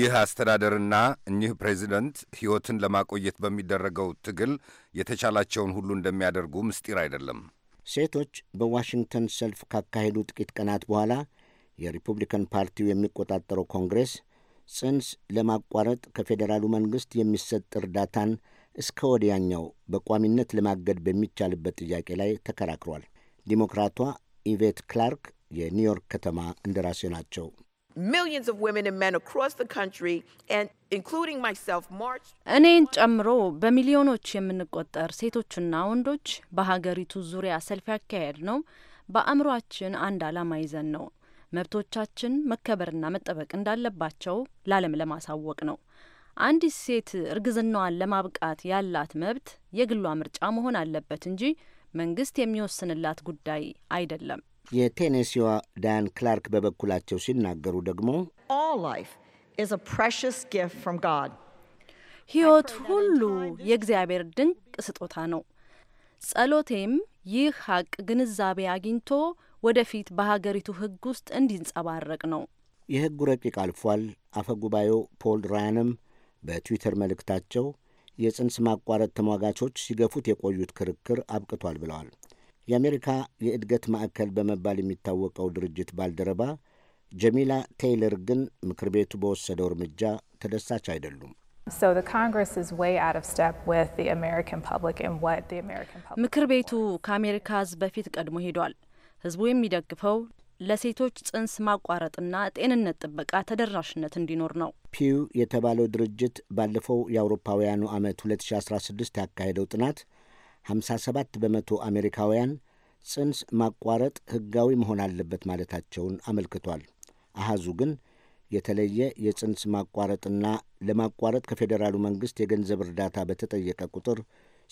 ይህ አስተዳደርና እኚህ ፕሬዚደንት ሕይወትን ለማቆየት በሚደረገው ትግል የተቻላቸውን ሁሉ እንደሚያደርጉ ምስጢር አይደለም። ሴቶች በዋሽንግተን ሰልፍ ካካሄዱ ጥቂት ቀናት በኋላ የሪፑብሊካን ፓርቲው የሚቆጣጠረው ኮንግሬስ ጽንስ ለማቋረጥ ከፌዴራሉ መንግሥት የሚሰጥ እርዳታን እስከ ወዲያኛው በቋሚነት ለማገድ በሚቻልበት ጥያቄ ላይ ተከራክሯል። ዲሞክራቷ ኢቬት ክላርክ የኒውዮርክ ከተማ እንደራሴ ናቸው። እኔን ጨምሮ በሚሊዮኖች የምንቆጠር ሴቶችና ወንዶች በሀገሪቱ ዙሪያ ሰልፍ ያካሄድ ነው። በአእምሯችን አንድ ዓላማ ይዘን ነው መብቶቻችን መከበርና መጠበቅ እንዳለባቸው ለዓለም ለማሳወቅ ነው። አንዲት ሴት እርግዝናዋን ለማብቃት ያላት መብት የግሏ ምርጫ መሆን አለበት እንጂ መንግስት የሚወስንላት ጉዳይ አይደለም። የቴኔሲዋ ዳያን ክላርክ በበኩላቸው ሲናገሩ ደግሞ ሕይወት ሁሉ የእግዚአብሔር ድንቅ ስጦታ ነው። ጸሎቴም ይህ ሀቅ ግንዛቤ አግኝቶ ወደፊት በሀገሪቱ ሕግ ውስጥ እንዲንጸባረቅ ነው። የሕጉ ረቂቅ አልፏል። አፈ ጉባኤው ፖል ራያንም በትዊተር መልእክታቸው የጽንስ ማቋረጥ ተሟጋቾች ሲገፉት የቆዩት ክርክር አብቅቷል ብለዋል። የአሜሪካ የእድገት ማዕከል በመባል የሚታወቀው ድርጅት ባልደረባ ጀሚላ ቴይለር ግን ምክር ቤቱ በወሰደው እርምጃ ተደሳች አይደሉም። ምክር ቤቱ ከአሜሪካ ህዝብ በፊት ቀድሞ ሄዷል። ህዝቡ የሚደግፈው ለሴቶች ጽንስ ማቋረጥና ጤንነት ጥበቃ ተደራሽነት እንዲኖር ነው። ፒው የተባለው ድርጅት ባለፈው የአውሮፓውያኑ ዓመት 2016 ያካሄደው ጥናት 57 በመቶ አሜሪካውያን ጽንስ ማቋረጥ ህጋዊ መሆን አለበት ማለታቸውን አመልክቷል። አሃዙ ግን የተለየ የጽንስ ማቋረጥና ለማቋረጥ ከፌዴራሉ መንግሥት የገንዘብ እርዳታ በተጠየቀ ቁጥር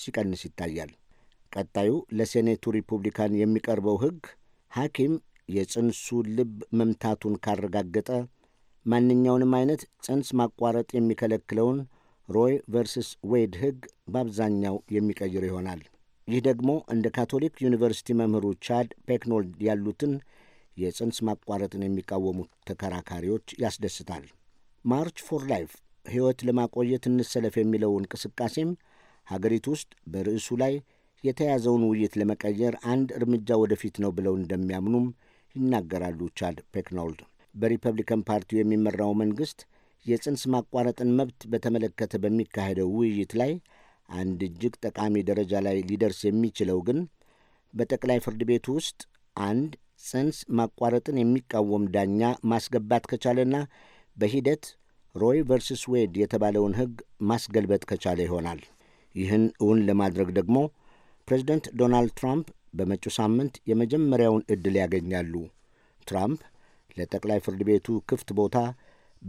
ሲቀንስ ይታያል። ቀጣዩ ለሴኔቱ ሪፑብሊካን የሚቀርበው ህግ ሐኪም የጽንሱ ልብ መምታቱን ካረጋገጠ ማንኛውንም አይነት ጽንስ ማቋረጥ የሚከለክለውን ሮይ ቨርስስ ዌድ ሕግ በአብዛኛው የሚቀይር ይሆናል። ይህ ደግሞ እንደ ካቶሊክ ዩኒቨርሲቲ መምህሩ ቻድ ፔክኖልድ ያሉትን የጽንስ ማቋረጥን የሚቃወሙ ተከራካሪዎች ያስደስታል። ማርች ፎር ላይፍ ሕይወት ለማቆየት እንሰለፍ የሚለው እንቅስቃሴም ሀገሪቱ ውስጥ በርዕሱ ላይ የተያዘውን ውይይት ለመቀየር አንድ እርምጃ ወደፊት ነው ብለው እንደሚያምኑም ይናገራሉ። ቻድ ፔክኖልድ በሪፐብሊካን ፓርቲው የሚመራው መንግሥት የጽንስ ማቋረጥን መብት በተመለከተ በሚካሄደው ውይይት ላይ አንድ እጅግ ጠቃሚ ደረጃ ላይ ሊደርስ የሚችለው ግን በጠቅላይ ፍርድ ቤቱ ውስጥ አንድ ጽንስ ማቋረጥን የሚቃወም ዳኛ ማስገባት ከቻለና በሂደት ሮይ ቨርስስ ዌድ የተባለውን ሕግ ማስገልበጥ ከቻለ ይሆናል። ይህን እውን ለማድረግ ደግሞ ፕሬዚደንት ዶናልድ ትራምፕ በመጪው ሳምንት የመጀመሪያውን ዕድል ያገኛሉ። ትራምፕ ለጠቅላይ ፍርድ ቤቱ ክፍት ቦታ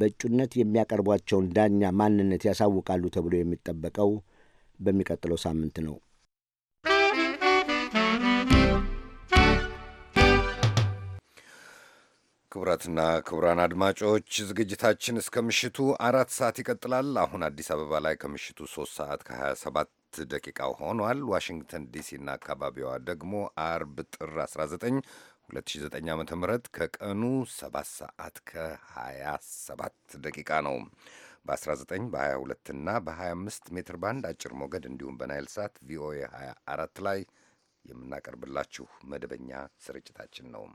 በእጩነት የሚያቀርቧቸውን ዳኛ ማንነት ያሳውቃሉ ተብሎ የሚጠበቀው በሚቀጥለው ሳምንት ነው። ክቡራትና ክቡራን አድማጮች ዝግጅታችን እስከ ምሽቱ አራት ሰዓት ይቀጥላል። አሁን አዲስ አበባ ላይ ከምሽቱ ሶስት ሰዓት ከ27 አራት ደቂቃው ሆኗል። ዋሽንግተን ዲሲና አካባቢዋ ደግሞ አርብ ጥር 19 2009 ዓ ም ከቀኑ 7 ሰዓት ከ27 ደቂቃ ነው። በ19 በ22 እና በ25 ሜትር ባንድ አጭር ሞገድ እንዲሁም በናይል ሳት ቪኦኤ 24 ላይ የምናቀርብላችሁ መደበኛ ስርጭታችን ነው።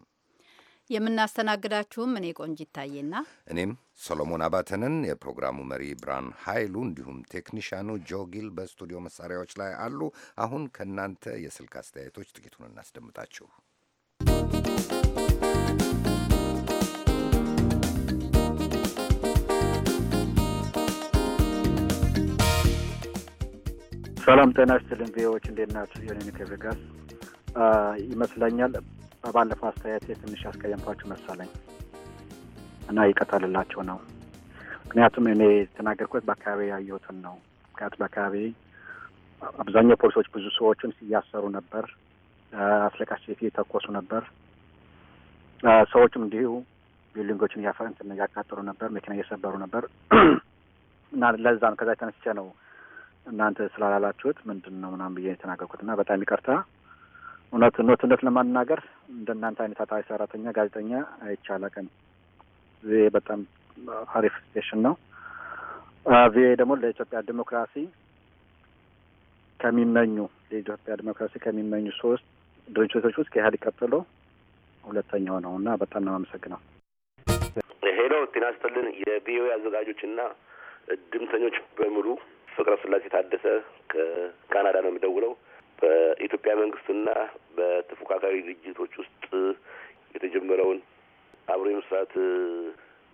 የምናስተናግዳችሁም እኔ ቆንጅ ይታየና እኔም ሰሎሞን አባተንን፣ የፕሮግራሙ መሪ ብርሃን ኃይሉ እንዲሁም ቴክኒሻኑ ጆጊል በስቱዲዮ መሳሪያዎች ላይ አሉ። አሁን ከእናንተ የስልክ አስተያየቶች ጥቂቱን እናስደምጣችሁ። ሰላም ጤና ቪዎች እንዴት ናችሁ? የኔ ከቬጋስ ይመስለኛል በባለፈው አስተያየት ትንሽ ያስቀየምኳችሁ መሰለኝ እና ይቀጠልላቸው ነው። ምክንያቱም እኔ የተናገርኩት በአካባቢ ያየሁትን ነው። ምክንያቱም በአካባቢ አብዛኛው ፖሊሶች ብዙ ሰዎችን እያሰሩ ነበር። አስለቃሽ የተኮሱ ነበር። ሰዎችም እንዲሁ ቢልዲንጎችን እያፈንትን እያቃጠሉ ነበር። መኪና እየሰበሩ ነበር <clears throat> እና ለዛ ነው ከዛ የተነስቼ ነው እናንተ ስላላላችሁት ምንድን ነው ምናምን ብዬ የተናገርኩት እና በጣም ይቅርታ። እውነት እውነት እውነት ለማናገር እንደናንተ አይነት ታታሪ ሰራተኛ ጋዜጠኛ አይቻላቅም። ቪኤ በጣም አሪፍ ስቴሽን ነው። ቪኤ ደግሞ ለኢትዮጵያ ዲሞክራሲ ከሚመኙ ለኢትዮጵያ ዲሞክራሲ ከሚመኙ ሶስት ድርጅቶች ውስጥ ከኢህአዴግ ቀጥሎ ሁለተኛው ነው እና በጣም ነው የማመሰግነው። ሄሎ ጤና ይስጥልን የቪኦኤ አዘጋጆችና ድምተኞች በሙሉ ፍቅረ ስላሴ ታደሰ ከካናዳ ነው የሚደውለው። በኢትዮጵያ መንግስትና በተፎካካሪ ድርጅቶች ውስጥ የተጀመረውን አብሮ የመስራት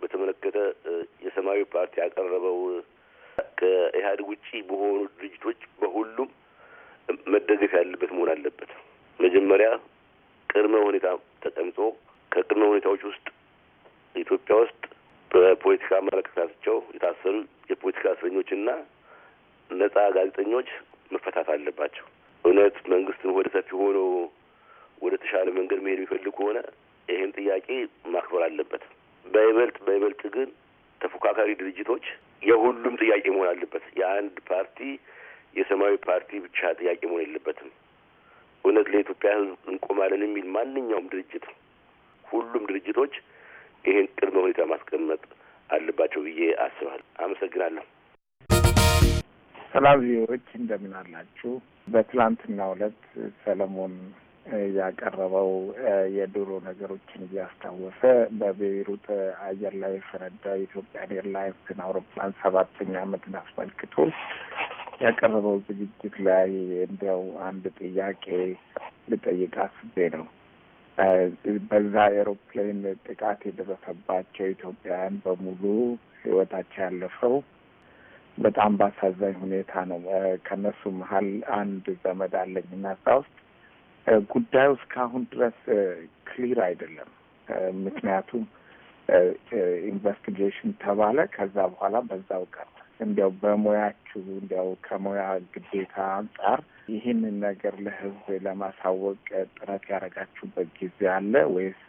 በተመለከተ የሰማያዊ ፓርቲ ያቀረበው ከኢህአዴግ ውጪ በሆኑ ድርጅቶች በሁሉም መደገፍ ያለበት መሆን አለበት። መጀመሪያ ቅድመ ሁኔታ ተቀምጦ ከቅድመ ሁኔታዎች ውስጥ ኢትዮጵያ ውስጥ በፖለቲካ አመለካከታቸው የታሰሩ የፖለቲካ እስረኞችና ነጻ ጋዜጠኞች መፈታት አለባቸው። እውነት መንግስትን ወደ ሰፊ ሆኖ ወደ ተሻለ መንገድ መሄድ የሚፈልግ ከሆነ ይህን ጥያቄ ማክበር አለበት። በይበልጥ በይበልጥ ግን ተፎካካሪ ድርጅቶች የሁሉም ጥያቄ መሆን አለበት። የአንድ ፓርቲ የሰማያዊ ፓርቲ ብቻ ጥያቄ መሆን የለበትም። እውነት ለኢትዮጵያ ሕዝብ እንቆማለን የሚል ማንኛውም ድርጅት ሁሉም ድርጅቶች ይህን ቅድመ ሁኔታ ማስቀመጥ አለባቸው ብዬ አስባለሁ። አመሰግናለሁ። ሰላም ዜዎች እንደምን አላችሁ? በትላንትና ዕለት ሰለሞን ያቀረበው የድሮ ነገሮችን እያስታወሰ በቤይሩት አየር ላይ የፈነዳ የኢትዮጵያን ኤርላይንስን አውሮፕላን ሰባተኛ ዓመትን አስመልክቶ ያቀረበው ዝግጅት ላይ እንዲያው አንድ ጥያቄ ልጠይቅ አስቤ ነው። በዛ ኤሮፕሌን ጥቃት የደረሰባቸው ኢትዮጵያውያን በሙሉ ህይወታቸው ያለፈው በጣም ባሳዛኝ ሁኔታ ነው። ከእነሱ መሀል አንድ ዘመድ አለኝ እና እዛ ውስጥ ጉዳዩ እስካሁን ድረስ ክሊር አይደለም። ምክንያቱም ኢንቨስቲጌሽን ተባለ፣ ከዛ በኋላ በዛው ቀር። እንዲያው በሙያችሁ እንዲያው ከሙያ ግዴታ አንጻር ይህንን ነገር ለህዝብ ለማሳወቅ ጥረት ያደረጋችሁበት ጊዜ አለ ወይስ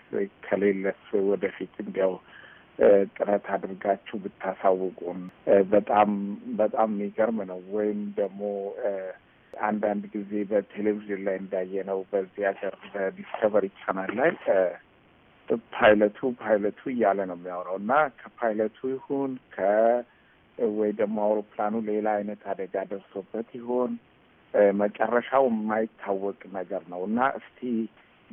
ከሌለስ ወደፊት እንዲያው ጥረት አድርጋችሁ ብታሳውቁን በጣም በጣም የሚገርም ነው። ወይም ደግሞ አንዳንድ ጊዜ በቴሌቪዥን ላይ እንዳየነው በዚህ ሀገር በዲስከቨሪ ቻናል ላይ ፓይለቱ ፓይለቱ እያለ ነው የሚያወራው እና ከፓይለቱ ይሁን ከ ወይ ደግሞ አውሮፕላኑ ሌላ አይነት አደጋ ደርሶበት ይሆን መጨረሻው የማይታወቅ ነገር ነው እና እስቲ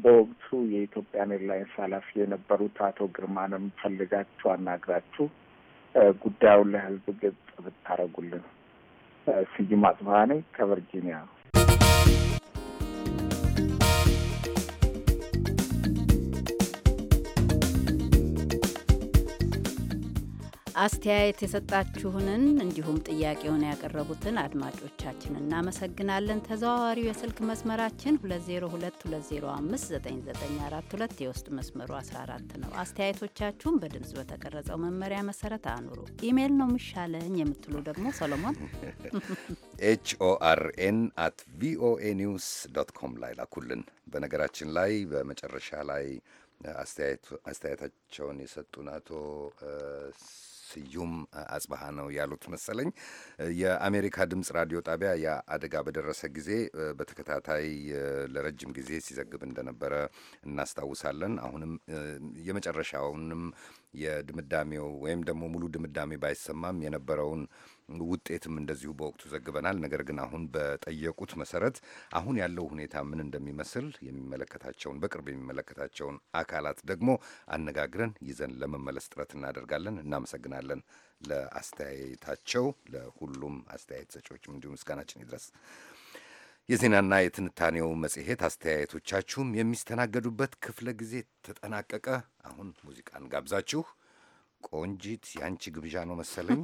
በወቅቱ የኢትዮጵያን ኤርላይንስ ኃላፊ የነበሩት አቶ ግርማንም ፈልጋችሁ አናግራችሁ ጉዳዩን ለህዝብ ግልጽ ብታደርጉልን። ስዩም አጽብሃኔ ከቨርጂኒያ አስተያየት የሰጣችሁንን እንዲሁም ጥያቄውን ያቀረቡትን አድማጮቻችን እናመሰግናለን። ተዘዋዋሪው የስልክ መስመራችን 2022059942 የውስጥ መስመሩ 14 ነው። አስተያየቶቻችሁን በድምፅ በተቀረጸው መመሪያ መሰረት አኑሩ። ኢሜይል ነው የሚሻለኝ የምትሉ ደግሞ ሰሎሞን ኤችኦአርኤን አት ቪኦኤ ኒውስ ዶት ኮም ላይ ላኩልን። በነገራችን ላይ በመጨረሻ ላይ አስተያየታቸውን የሰጡን አቶ ስዩም አጽባሃ ነው ያሉት መሰለኝ። የአሜሪካ ድምፅ ራዲዮ ጣቢያ ያ አደጋ በደረሰ ጊዜ በተከታታይ ለረጅም ጊዜ ሲዘግብ እንደነበረ እናስታውሳለን። አሁንም የመጨረሻውንም የድምዳሜው ወይም ደግሞ ሙሉ ድምዳሜ ባይሰማም የነበረውን ውጤትም እንደዚሁ በወቅቱ ዘግበናል። ነገር ግን አሁን በጠየቁት መሰረት አሁን ያለው ሁኔታ ምን እንደሚመስል የሚመለከታቸውን በቅርብ የሚመለከታቸውን አካላት ደግሞ አነጋግረን ይዘን ለመመለስ ጥረት እናደርጋለን። እናመሰግናለን ለአስተያየታቸው። ለሁሉም አስተያየት ሰጪዎችም እንዲሁም ምስጋናችን ይድረስ። የዜናና የትንታኔው መጽሔት አስተያየቶቻችሁም የሚስተናገዱበት ክፍለ ጊዜ ተጠናቀቀ። አሁን ሙዚቃን ጋብዛችሁ ቆንጂት ያንቺ ግብዣ ነው መሰለኝ።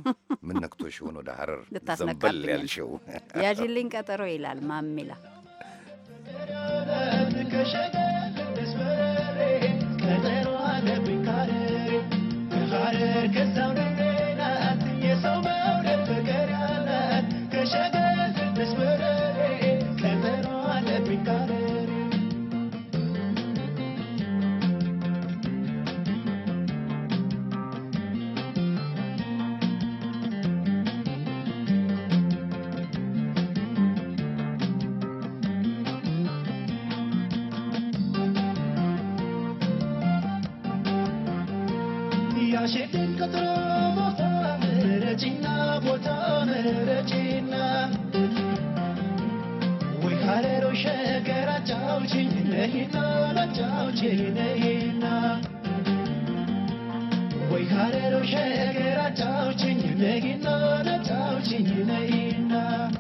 ምን ነክቶሽ ሆኖ ወደ ሀረር ዘንበል ያልሽው? ያዥልኝ ቀጠሮ ይላል ማሚላ ቀጠሮ አለብኝ ከሀረር ከዛው 走ってくこともためれちなぼためれちなおいはれろしゃからちゃうちねひとらちゃうちねいなおいはれろしゃからちゃうちねひとらちゃうちねいな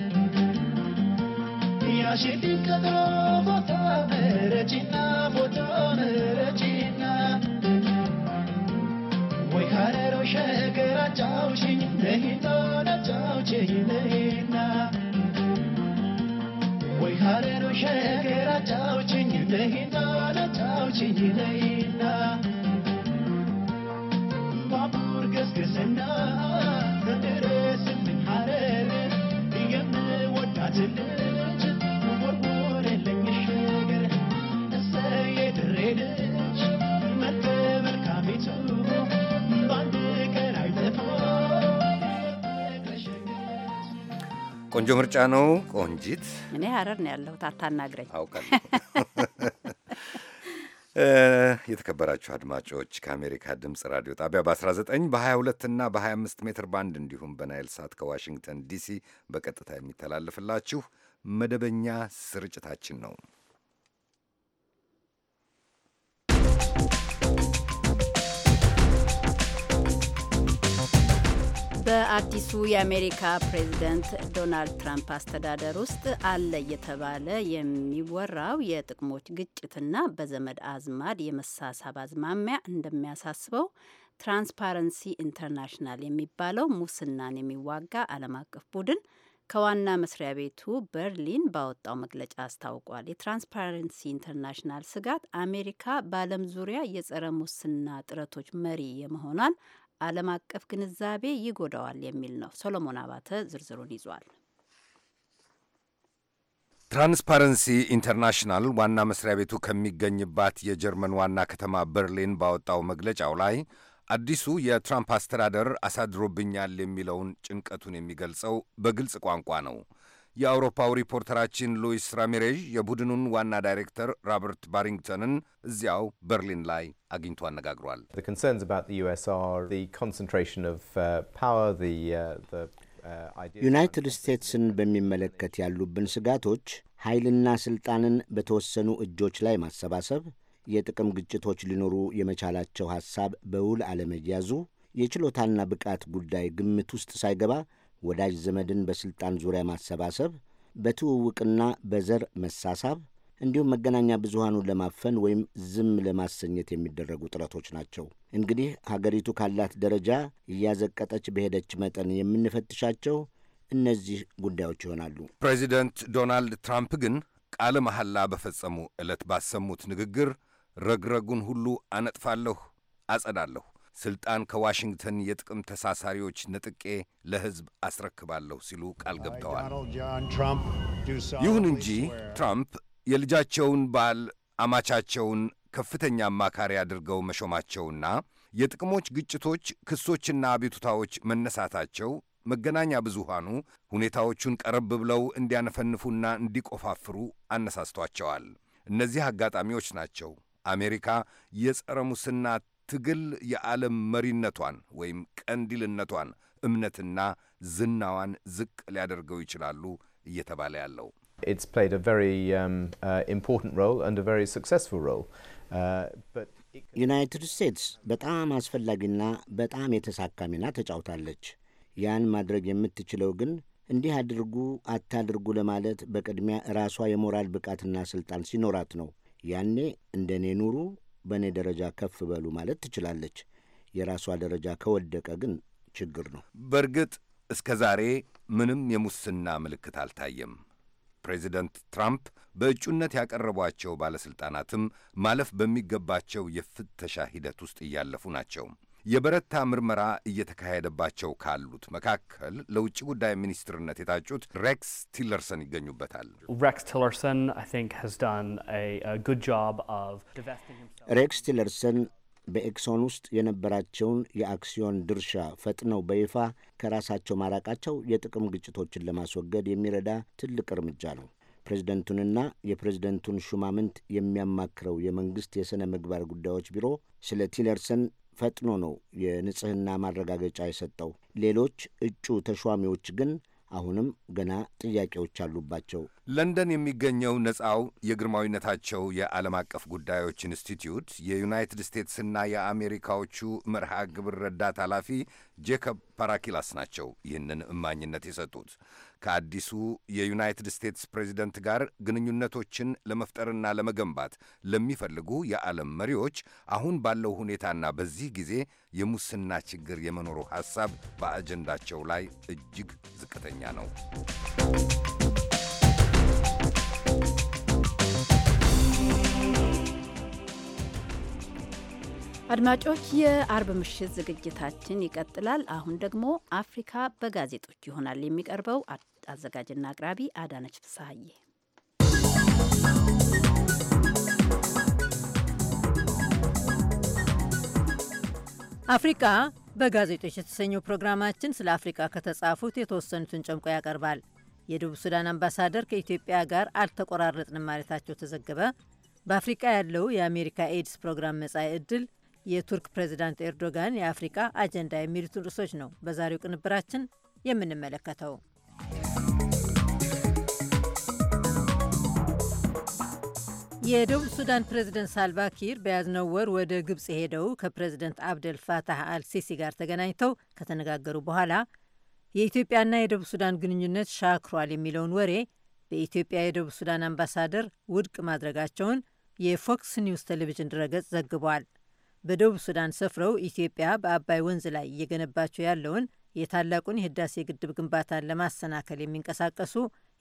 Yaşıdık kadro botanere, cinna botanere, cinna ከረሮ ሸገር አጫውሽኝ ለሂቶን አጫውችኝ ለሂና ወይ ከረሮ ሸገር አጫውችኝ ለሂቶን አጫውችኝ ለሂና ቆንጆ ምርጫ ነው ቆንጂት። እኔ ሀረር ነው ያለሁት፣ አታናግረኝ አውቃለሁ። <laughs> የተከበራችሁ አድማጮች ከአሜሪካ ድምፅ ራዲዮ ጣቢያ በ19 በ22 እና በ25 ሜትር ባንድ እንዲሁም በናይል ሳት ከዋሽንግተን ዲሲ በቀጥታ የሚተላለፍላችሁ መደበኛ ስርጭታችን ነው። በአዲሱ የአሜሪካ ፕሬዝደንት ዶናልድ ትራምፕ አስተዳደር ውስጥ አለ እየተባለ የሚወራው የጥቅሞች ግጭትና በዘመድ አዝማድ የመሳሳብ አዝማሚያ እንደሚያሳስበው ትራንስፓረንሲ ኢንተርናሽናል የሚባለው ሙስናን የሚዋጋ ዓለም አቀፍ ቡድን ከዋና መስሪያ ቤቱ በርሊን ባወጣው መግለጫ አስታውቋል። የትራንስፓረንሲ ኢንተርናሽናል ስጋት አሜሪካ በዓለም ዙሪያ የጸረ ሙስና ጥረቶች መሪ የመሆኗን ዓለም አቀፍ ግንዛቤ ይጎዳዋል የሚል ነው። ሶሎሞን አባተ ዝርዝሩን ይዟል። ትራንስፓረንሲ ኢንተርናሽናል ዋና መስሪያ ቤቱ ከሚገኝባት የጀርመን ዋና ከተማ በርሊን ባወጣው መግለጫው ላይ አዲሱ የትራምፕ አስተዳደር አሳድሮብኛል የሚለውን ጭንቀቱን የሚገልጸው በግልጽ ቋንቋ ነው። የአውሮፓው ሪፖርተራችን ሉዊስ ራሚሬዥ የቡድኑን ዋና ዳይሬክተር ሮበርት ባሪንግተንን እዚያው በርሊን ላይ አግኝቶ አነጋግሯል። uh, uh, uh, ዩናይትድ ስቴትስን በሚመለከት ያሉብን ስጋቶች ኃይልና ሥልጣንን በተወሰኑ እጆች ላይ ማሰባሰብ፣ የጥቅም ግጭቶች ሊኖሩ የመቻላቸው ሐሳብ በውል አለመያዙ፣ የችሎታና ብቃት ጉዳይ ግምት ውስጥ ሳይገባ ወዳጅ ዘመድን በሥልጣን ዙሪያ ማሰባሰብ፣ በትውውቅና በዘር መሳሳብ እንዲሁም መገናኛ ብዙሃኑን ለማፈን ወይም ዝም ለማሰኘት የሚደረጉ ጥረቶች ናቸው። እንግዲህ ሀገሪቱ ካላት ደረጃ እያዘቀጠች በሄደች መጠን የምንፈትሻቸው እነዚህ ጉዳዮች ይሆናሉ። ፕሬዚደንት ዶናልድ ትራምፕ ግን ቃለ መሐላ በፈጸሙ ዕለት ባሰሙት ንግግር ረግረጉን ሁሉ አነጥፋለሁ፣ አጸዳለሁ ስልጣን ከዋሽንግተን የጥቅም ተሳሳሪዎች ነጥቄ ለሕዝብ አስረክባለሁ ሲሉ ቃል ገብተዋል። ይሁን እንጂ ትራምፕ የልጃቸውን ባል አማቻቸውን ከፍተኛ አማካሪ አድርገው መሾማቸውና የጥቅሞች ግጭቶች፣ ክሶችና አቤቱታዎች መነሳታቸው መገናኛ ብዙሃኑ ሁኔታዎቹን ቀረብ ብለው እንዲያነፈንፉና እንዲቆፋፍሩ አነሳስቷቸዋል። እነዚህ አጋጣሚዎች ናቸው አሜሪካ የጸረ ሙስና ትግል የዓለም መሪነቷን ወይም ቀንዲልነቷን እምነትና ዝናዋን ዝቅ ሊያደርገው ይችላሉ እየተባለ ያለው ዩናይትድ ስቴትስ um, uh, uh, በጣም አስፈላጊና በጣም የተሳካ ሚና ተጫውታለች። ያን ማድረግ የምትችለው ግን እንዲህ አድርጉ አታድርጉ ለማለት በቅድሚያ ራሷ የሞራል ብቃትና ስልጣን ሲኖራት ነው። ያኔ እንደ እኔ ኑሩ በእኔ ደረጃ ከፍ በሉ ማለት ትችላለች። የራሷ ደረጃ ከወደቀ ግን ችግር ነው። በእርግጥ እስከ ዛሬ ምንም የሙስና ምልክት አልታየም። ፕሬዚደንት ትራምፕ በእጩነት ያቀረቧቸው ባለሥልጣናትም ማለፍ በሚገባቸው የፍተሻ ሂደት ውስጥ እያለፉ ናቸው። የበረታ ምርመራ እየተካሄደባቸው ካሉት መካከል ለውጭ ጉዳይ ሚኒስትርነት የታጩት ሬክስ ቲለርሰን ይገኙበታል። ሬክስ ቲለርሰን በኤክሶን ውስጥ የነበራቸውን የአክሲዮን ድርሻ ፈጥነው በይፋ ከራሳቸው ማራቃቸው የጥቅም ግጭቶችን ለማስወገድ የሚረዳ ትልቅ እርምጃ ነው። ፕሬዝደንቱንና የፕሬዝደንቱን ሹማምንት የሚያማክረው የመንግሥት የሥነ ምግባር ጉዳዮች ቢሮ ስለ ቲለርሰን ፈጥኖ ነው የንጽህና ማረጋገጫ የሰጠው። ሌሎች እጩ ተሿሚዎች ግን አሁንም ገና ጥያቄዎች አሉባቸው። ለንደን የሚገኘው ነጻው የግርማዊነታቸው የዓለም አቀፍ ጉዳዮች ኢንስቲትዩት የዩናይትድ ስቴትስና የአሜሪካዎቹ መርሃ ግብር ረዳት ኃላፊ ጄኮብ ፓራኪላስ ናቸው ይህንን እማኝነት የሰጡት። ከአዲሱ የዩናይትድ ስቴትስ ፕሬዚደንት ጋር ግንኙነቶችን ለመፍጠርና ለመገንባት ለሚፈልጉ የዓለም መሪዎች አሁን ባለው ሁኔታና በዚህ ጊዜ የሙስና ችግር የመኖሩ ሐሳብ በአጀንዳቸው ላይ እጅግ ዝቅተኛ ነው። አድማጮች፣ የአርብ ምሽት ዝግጅታችን ይቀጥላል። አሁን ደግሞ አፍሪካ በጋዜጦች ይሆናል የሚቀርበው። አዘጋጅና አቅራቢ አዳነች ፍስሀዬ። አፍሪቃ በጋዜጦች የተሰኘው ፕሮግራማችን ስለ አፍሪቃ ከተጻፉት የተወሰኑትን ጨምቆ ያቀርባል። የደቡብ ሱዳን አምባሳደር ከኢትዮጵያ ጋር አልተቆራረጥንም ማለታቸው ተዘገበ፣ በአፍሪቃ ያለው የአሜሪካ ኤድስ ፕሮግራም መጻኢ ዕድል፣ የቱርክ ፕሬዚዳንት ኤርዶጋን የአፍሪቃ አጀንዳ የሚሉትን ርዕሶች ነው በዛሬው ቅንብራችን የምንመለከተው። የደቡብ ሱዳን ፕሬዝደንት ሳልቫኪር በያዝነው ወር ወደ ግብፅ ሄደው ከፕሬዝደንት አብደል ፋታህ አልሲሲ ጋር ተገናኝተው ከተነጋገሩ በኋላ የኢትዮጵያና የደቡብ ሱዳን ግንኙነት ሻክሯል የሚለውን ወሬ በኢትዮጵያ የደቡብ ሱዳን አምባሳደር ውድቅ ማድረጋቸውን የፎክስ ኒውስ ቴሌቪዥን ድረገጽ ዘግቧል። በደቡብ ሱዳን ሰፍረው ኢትዮጵያ በአባይ ወንዝ ላይ እየገነባቸው ያለውን የታላቁን የህዳሴ ግድብ ግንባታን ለማሰናከል የሚንቀሳቀሱ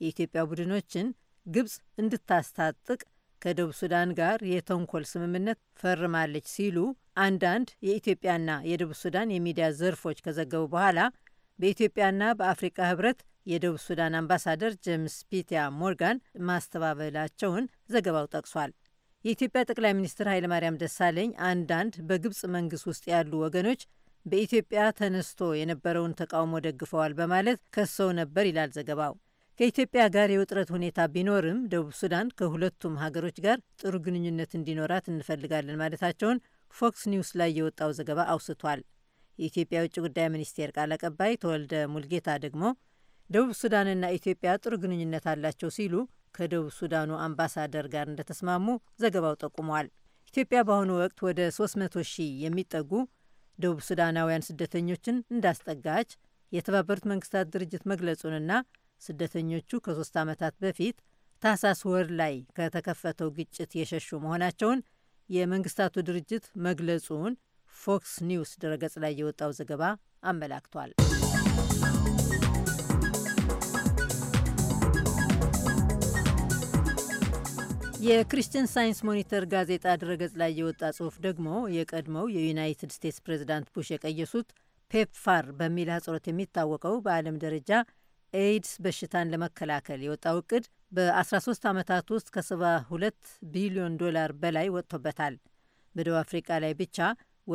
የኢትዮጵያ ቡድኖችን ግብጽ እንድታስታጥቅ ከደቡብ ሱዳን ጋር የተንኮል ስምምነት ፈርማለች ሲሉ አንዳንድ የኢትዮጵያና የደቡብ ሱዳን የሚዲያ ዘርፎች ከዘገቡ በኋላ በኢትዮጵያና በአፍሪካ ህብረት የደቡብ ሱዳን አምባሳደር ጄምስ ፒቲያ ሞርጋን ማስተባበላቸውን ዘገባው ጠቅሷል። የኢትዮጵያ ጠቅላይ ሚኒስትር ኃይለማርያም ደሳለኝ አንዳንድ በግብጽ መንግስት ውስጥ ያሉ ወገኖች በኢትዮጵያ ተነስቶ የነበረውን ተቃውሞ ደግፈዋል በማለት ከሰው ነበር ይላል ዘገባው። ከኢትዮጵያ ጋር የውጥረት ሁኔታ ቢኖርም ደቡብ ሱዳን ከሁለቱም ሀገሮች ጋር ጥሩ ግንኙነት እንዲኖራት እንፈልጋለን ማለታቸውን ፎክስ ኒውስ ላይ የወጣው ዘገባ አውስቷል። የኢትዮጵያ የውጭ ጉዳይ ሚኒስቴር ቃል አቀባይ ተወልደ ሙልጌታ ደግሞ ደቡብ ሱዳንና ኢትዮጵያ ጥሩ ግንኙነት አላቸው ሲሉ ከደቡብ ሱዳኑ አምባሳደር ጋር እንደተስማሙ ዘገባው ጠቁሟል። ኢትዮጵያ በአሁኑ ወቅት ወደ 300 ሺህ የሚጠጉ ደቡብ ሱዳናውያን ስደተኞችን እንዳስጠጋች የተባበሩት መንግስታት ድርጅት መግለጹንና ስደተኞቹ ከሶስት ዓመታት በፊት ታህሳስ ወር ላይ ከተከፈተው ግጭት የሸሹ መሆናቸውን የመንግስታቱ ድርጅት መግለጹን ፎክስ ኒውስ ድረገጽ ላይ የወጣው ዘገባ አመላክቷል። የክርስቲያን ሳይንስ ሞኒተር ጋዜጣ ድረገጽ ላይ የወጣ ጽሁፍ ደግሞ የቀድሞው የዩናይትድ ስቴትስ ፕሬዚዳንት ቡሽ የቀየሱት ፔፕፋር በሚል አጽሮት የሚታወቀው በዓለም ደረጃ ኤድስ በሽታን ለመከላከል የወጣው እቅድ በ13 ዓመታት ውስጥ ከ72 ቢሊዮን ዶላር በላይ ወጥቶበታል። በደቡብ አፍሪቃ ላይ ብቻ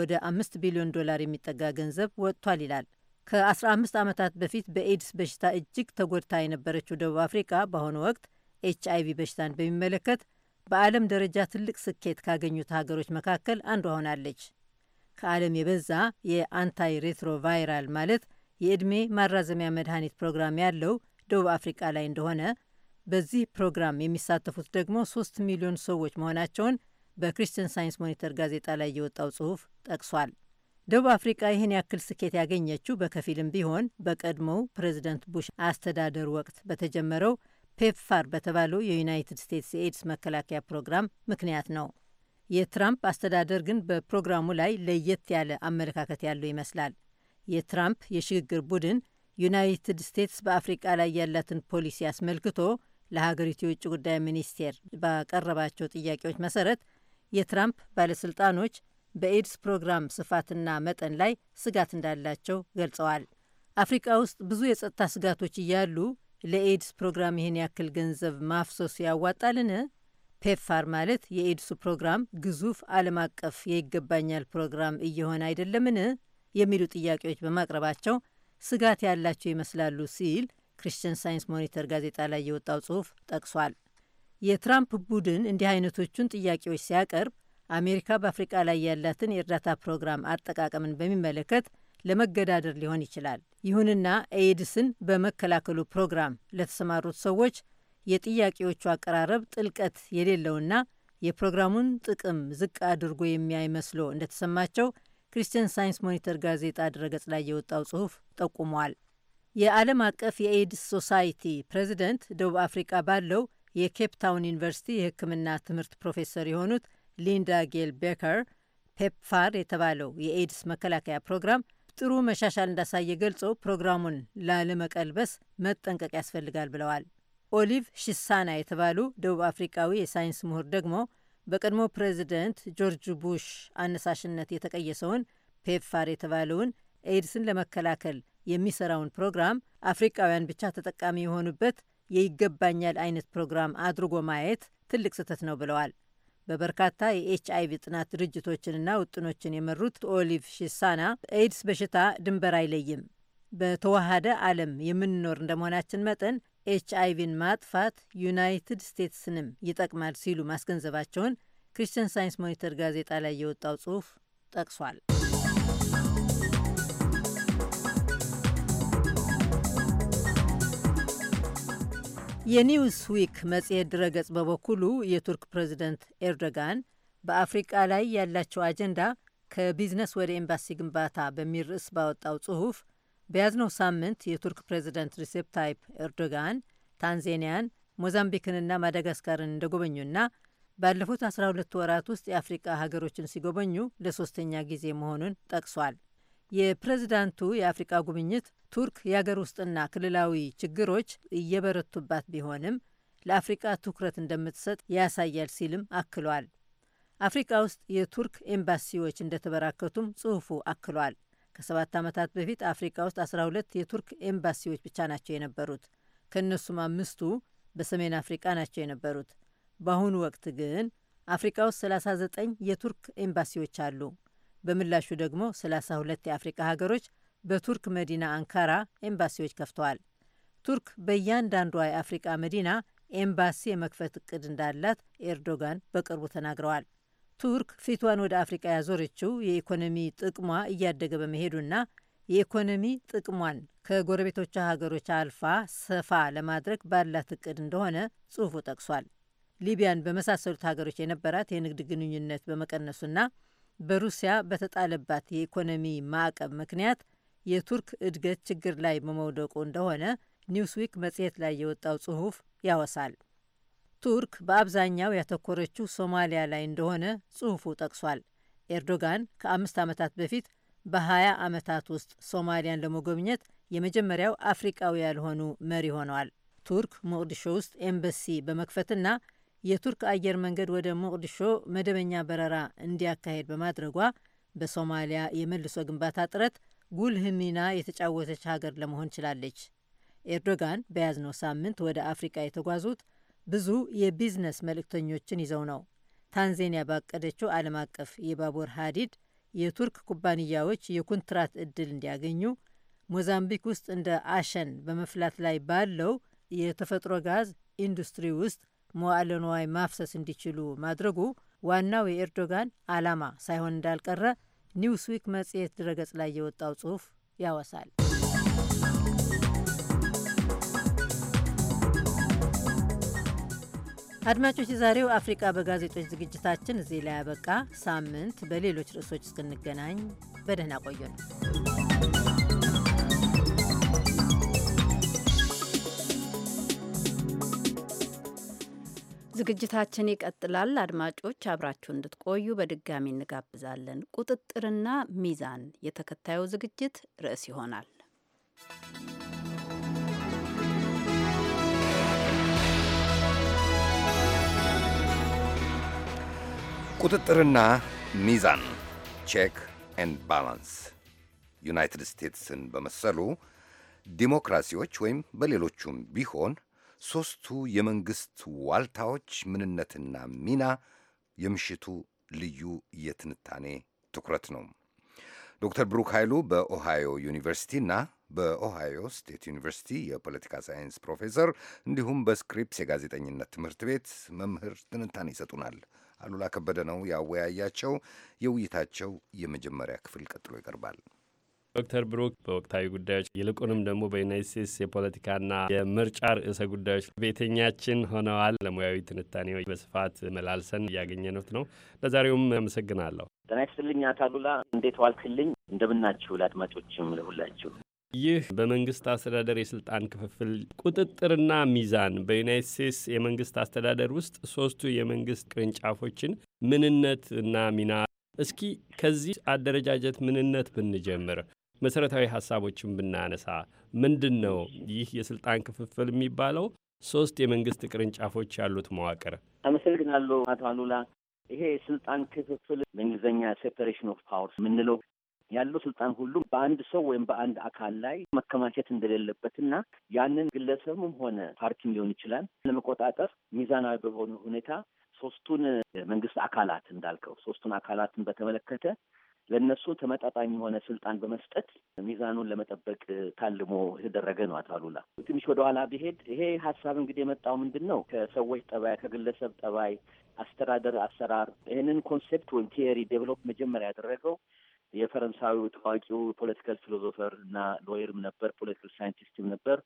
ወደ 5 ቢሊዮን ዶላር የሚጠጋ ገንዘብ ወጥቷል ይላል። ከ15 ዓመታት በፊት በኤድስ በሽታ እጅግ ተጎድታ የነበረችው ደቡብ አፍሪቃ በአሁኑ ወቅት ኤች አይቪ በሽታን በሚመለከት በዓለም ደረጃ ትልቅ ስኬት ካገኙት ሀገሮች መካከል አንዷ ሆናለች። ከዓለም የበዛ የአንታይ ሬትሮቫይራል ማለት የዕድሜ ማራዘሚያ መድኃኒት ፕሮግራም ያለው ደቡብ አፍሪቃ ላይ እንደሆነ በዚህ ፕሮግራም የሚሳተፉት ደግሞ ሶስት ሚሊዮን ሰዎች መሆናቸውን በክርስቲያን ሳይንስ ሞኒተር ጋዜጣ ላይ የወጣው ጽሑፍ ጠቅሷል። ደቡብ አፍሪቃ ይህን ያክል ስኬት ያገኘችው በከፊልም ቢሆን በቀድሞው ፕሬዚደንት ቡሽ አስተዳደር ወቅት በተጀመረው ፔፕፋር በተባለው የዩናይትድ ስቴትስ የኤድስ መከላከያ ፕሮግራም ምክንያት ነው። የትራምፕ አስተዳደር ግን በፕሮግራሙ ላይ ለየት ያለ አመለካከት ያለው ይመስላል። የትራምፕ የሽግግር ቡድን ዩናይትድ ስቴትስ በአፍሪቃ ላይ ያላትን ፖሊሲ አስመልክቶ ለሀገሪቱ የውጭ ጉዳይ ሚኒስቴር ባቀረባቸው ጥያቄዎች መሰረት የትራምፕ ባለስልጣኖች በኤድስ ፕሮግራም ስፋትና መጠን ላይ ስጋት እንዳላቸው ገልጸዋል። አፍሪቃ ውስጥ ብዙ የጸጥታ ስጋቶች እያሉ ለኤድስ ፕሮግራም ይህን ያክል ገንዘብ ማፍሰሱ ያዋጣልን? ፔፋር ማለት የኤድሱ ፕሮግራም ግዙፍ ዓለም አቀፍ የይገባኛል ፕሮግራም እየሆነ አይደለምን? የሚሉ ጥያቄዎች በማቅረባቸው ስጋት ያላቸው ይመስላሉ ሲል ክርስቲያን ሳይንስ ሞኒተር ጋዜጣ ላይ የወጣው ጽሑፍ ጠቅሷል። የትራምፕ ቡድን እንዲህ አይነቶቹን ጥያቄዎች ሲያቀርብ አሜሪካ በአፍሪቃ ላይ ያላትን የእርዳታ ፕሮግራም አጠቃቀምን በሚመለከት ለመገዳደር ሊሆን ይችላል። ይሁንና ኤድስን በመከላከሉ ፕሮግራም ለተሰማሩት ሰዎች የጥያቄዎቹ አቀራረብ ጥልቀት የሌለውና የፕሮግራሙን ጥቅም ዝቅ አድርጎ የሚያይ መስሎ እንደተሰማቸው ክርስቲያን ሳይንስ ሞኒተር ጋዜጣ ድረገጽ ላይ የወጣው ጽሑፍ ጠቁሟል። የዓለም አቀፍ የኤድስ ሶሳይቲ ፕሬዚደንት ደቡብ አፍሪቃ ባለው የኬፕታውን ዩኒቨርሲቲ የሕክምና ትምህርት ፕሮፌሰር የሆኑት ሊንዳ ጌል ቤከር ፔፕፋር የተባለው የኤድስ መከላከያ ፕሮግራም ጥሩ መሻሻል እንዳሳየ ገልጸው ፕሮግራሙን ላለመቀልበስ መጠንቀቅ ያስፈልጋል ብለዋል። ኦሊቭ ሽሳና የተባሉ ደቡብ አፍሪካዊ የሳይንስ ምሁር ደግሞ በቀድሞ ፕሬዚደንት ጆርጅ ቡሽ አነሳሽነት የተቀየሰውን ፔፕፋር የተባለውን ኤድስን ለመከላከል የሚሰራውን ፕሮግራም አፍሪቃውያን ብቻ ተጠቃሚ የሆኑበት የይገባኛል አይነት ፕሮግራም አድርጎ ማየት ትልቅ ስህተት ነው ብለዋል። በበርካታ የኤች አይቪ ጥናት ድርጅቶችንና ውጥኖችን የመሩት ኦሊቭ ሺሳና ኤድስ በሽታ ድንበር አይለይም፣ በተዋሃደ ዓለም የምንኖር እንደመሆናችን መጠን ኤች አይቪን ማጥፋት ዩናይትድ ስቴትስንም ይጠቅማል ሲሉ ማስገንዘባቸውን ክሪስቲያን ሳይንስ ሞኒተር ጋዜጣ ላይ የወጣው ጽሑፍ ጠቅሷል። የኒውስ ዊክ መጽሔት ድረገጽ በበኩሉ የቱርክ ፕሬዚደንት ኤርዶጋን በአፍሪቃ ላይ ያላቸው አጀንዳ ከቢዝነስ ወደ ኤምባሲ ግንባታ በሚል ርዕስ ባወጣው ጽሑፍ በያዝነው ሳምንት የቱርክ ፕሬዚደንት ሪሴፕ ታይፕ ኤርዶጋን ታንዜኒያን፣ ሞዛምቢክንና ማዳጋስካርን እንደጎበኙና ባለፉት 12 ወራት ውስጥ የአፍሪቃ ሀገሮችን ሲጎበኙ ለሶስተኛ ጊዜ መሆኑን ጠቅሷል። የፕሬዝዳንቱ የአፍሪቃ ጉብኝት ቱርክ የአገር ውስጥና ክልላዊ ችግሮች እየበረቱባት ቢሆንም ለአፍሪቃ ትኩረት እንደምትሰጥ ያሳያል ሲልም አክሏል። አፍሪቃ ውስጥ የቱርክ ኤምባሲዎች እንደተበራከቱም ጽሑፉ አክሏል። ከሰባት ዓመታት በፊት አፍሪቃ ውስጥ 12 የቱርክ ኤምባሲዎች ብቻ ናቸው የነበሩት። ከእነሱም አምስቱ በሰሜን አፍሪቃ ናቸው የነበሩት። በአሁኑ ወቅት ግን አፍሪቃ ውስጥ 39 የቱርክ ኤምባሲዎች አሉ። በምላሹ ደግሞ 32 የአፍሪቃ ሀገሮች በቱርክ መዲና አንካራ ኤምባሲዎች ከፍተዋል። ቱርክ በእያንዳንዷ የአፍሪቃ መዲና ኤምባሲ የመክፈት እቅድ እንዳላት ኤርዶጋን በቅርቡ ተናግረዋል። ቱርክ ፊቷን ወደ አፍሪቃ ያዞረችው የኢኮኖሚ ጥቅሟ እያደገ በመሄዱና የኢኮኖሚ ጥቅሟን ከጎረቤቶቿ ሀገሮች አልፋ ሰፋ ለማድረግ ባላት እቅድ እንደሆነ ጽሑፉ ጠቅሷል። ሊቢያን በመሳሰሉት ሀገሮች የነበራት የንግድ ግንኙነት በመቀነሱና በሩሲያ በተጣለባት የኢኮኖሚ ማዕቀብ ምክንያት የቱርክ እድገት ችግር ላይ በመውደቁ እንደሆነ ኒውስዊክ መጽሔት ላይ የወጣው ጽሑፍ ያወሳል። ቱርክ በአብዛኛው ያተኮረችው ሶማሊያ ላይ እንደሆነ ጽሑፉ ጠቅሷል። ኤርዶጋን ከአምስት ዓመታት በፊት በ20 ዓመታት ውስጥ ሶማሊያን ለመጎብኘት የመጀመሪያው አፍሪቃዊ ያልሆኑ መሪ ሆነዋል። ቱርክ ሞቅዲሾ ውስጥ ኤምበሲ በመክፈትና የቱርክ አየር መንገድ ወደ ሞቅዲሾ መደበኛ በረራ እንዲያካሄድ በማድረጓ በሶማሊያ የመልሶ ግንባታ ጥረት ጉልህ ሚና የተጫወተች ሀገር ለመሆን ችላለች። ኤርዶጋን በያዝነው ሳምንት ወደ አፍሪቃ የተጓዙት ብዙ የቢዝነስ መልእክተኞችን ይዘው ነው። ታንዜኒያ ባቀደችው ዓለም አቀፍ የባቡር ሀዲድ የቱርክ ኩባንያዎች የኮንትራት እድል እንዲያገኙ፣ ሞዛምቢክ ውስጥ እንደ አሸን በመፍላት ላይ ባለው የተፈጥሮ ጋዝ ኢንዱስትሪ ውስጥ መዋዕለ ንዋይ ማፍሰስ እንዲችሉ ማድረጉ ዋናው የኤርዶጋን ዓላማ ሳይሆን እንዳልቀረ ኒውስዊክ መጽሔት ድረገጽ ላይ የወጣው ጽሑፍ ያወሳል። አድማጮች፣ የዛሬው አፍሪቃ በጋዜጦች ዝግጅታችን እዚህ ላይ ያበቃ። ሳምንት በሌሎች ርዕሶች እስክንገናኝ በደህና ቆዩ ነው። ዝግጅታችን ይቀጥላል። አድማጮች አብራችሁ እንድትቆዩ በድጋሚ እንጋብዛለን። ቁጥጥርና ሚዛን የተከታዩ ዝግጅት ርዕስ ይሆናል። ቁጥጥርና ሚዛን ቼክ ኤንድ ባላንስ ዩናይትድ ስቴትስን በመሰሉ ዲሞክራሲዎች ወይም በሌሎቹም ቢሆን ሦስቱ የመንግሥት ዋልታዎች ምንነትና ሚና የምሽቱ ልዩ የትንታኔ ትኩረት ነው። ዶክተር ብሩክ ኃይሉ በኦሃዮ ዩኒቨርሲቲና በኦሃዮ ስቴት ዩኒቨርሲቲ የፖለቲካ ሳይንስ ፕሮፌሰር እንዲሁም በስክሪፕስ የጋዜጠኝነት ትምህርት ቤት መምህር ትንታኔ ይሰጡናል። አሉላ ከበደ ነው ያወያያቸው። የውይይታቸው የመጀመሪያ ክፍል ቀጥሎ ይቀርባል። ዶክተር ብሩክ በወቅታዊ ጉዳዮች ይልቁንም ደግሞ በዩናይት ስቴትስ የፖለቲካና የምርጫ ርዕሰ ጉዳዮች ቤተኛችን ሆነዋል። ለሙያዊ ትንታኔዎች በስፋት መላልሰን እያገኘኑት ነው። ለዛሬውም አመሰግናለሁ። ጤና ይስጥልኝ። አታሉላ እንዴት ዋልክልኝ? እንደምናችሁ ለአድማጮችም ለሁላችሁ ይህ በመንግስት አስተዳደር የስልጣን ክፍፍል ቁጥጥርና ሚዛን በዩናይት ስቴትስ የመንግስት አስተዳደር ውስጥ ሶስቱ የመንግስት ቅርንጫፎችን ምንነት እና ሚና እስኪ ከዚህ አደረጃጀት ምንነት ብንጀምር መሰረታዊ ሀሳቦችን ብናነሳ ምንድን ነው ይህ የስልጣን ክፍፍል የሚባለው? ሶስት የመንግስት ቅርንጫፎች ያሉት መዋቅር። አመሰግናለሁ አቶ አሉላ። ይሄ የስልጣን ክፍፍል በእንግሊዝኛ ሴፐሬሽን ኦፍ ፓወርስ የምንለው ያለው ስልጣን ሁሉ በአንድ ሰው ወይም በአንድ አካል ላይ መከማቸት እንደሌለበትና ያንን ግለሰብም ሆነ ፓርቲም ሊሆን ይችላል ለመቆጣጠር ሚዛናዊ በሆነ ሁኔታ ሶስቱን መንግስት አካላት እንዳልከው ሶስቱን አካላትን በተመለከተ ለእነሱ ተመጣጣኝ የሆነ ስልጣን በመስጠት ሚዛኑን ለመጠበቅ ታልሞ የተደረገ ነው። አቶ አሉላ ትንሽ ወደኋላ ብሄድ ይሄ ሀሳብ እንግዲህ የመጣው ምንድን ነው ከሰዎች ጠባይ፣ ከግለሰብ ጠባይ፣ አስተዳደር፣ አሰራር ይህንን ኮንሴፕት ወይም ቲዮሪ ዴቨሎፕ መጀመሪያ ያደረገው የፈረንሳዊ ታዋቂው ፖለቲካል ፊሎዞፈር እና ሎየርም ነበር፣ ፖለቲካል ሳይንቲስትም ነበር።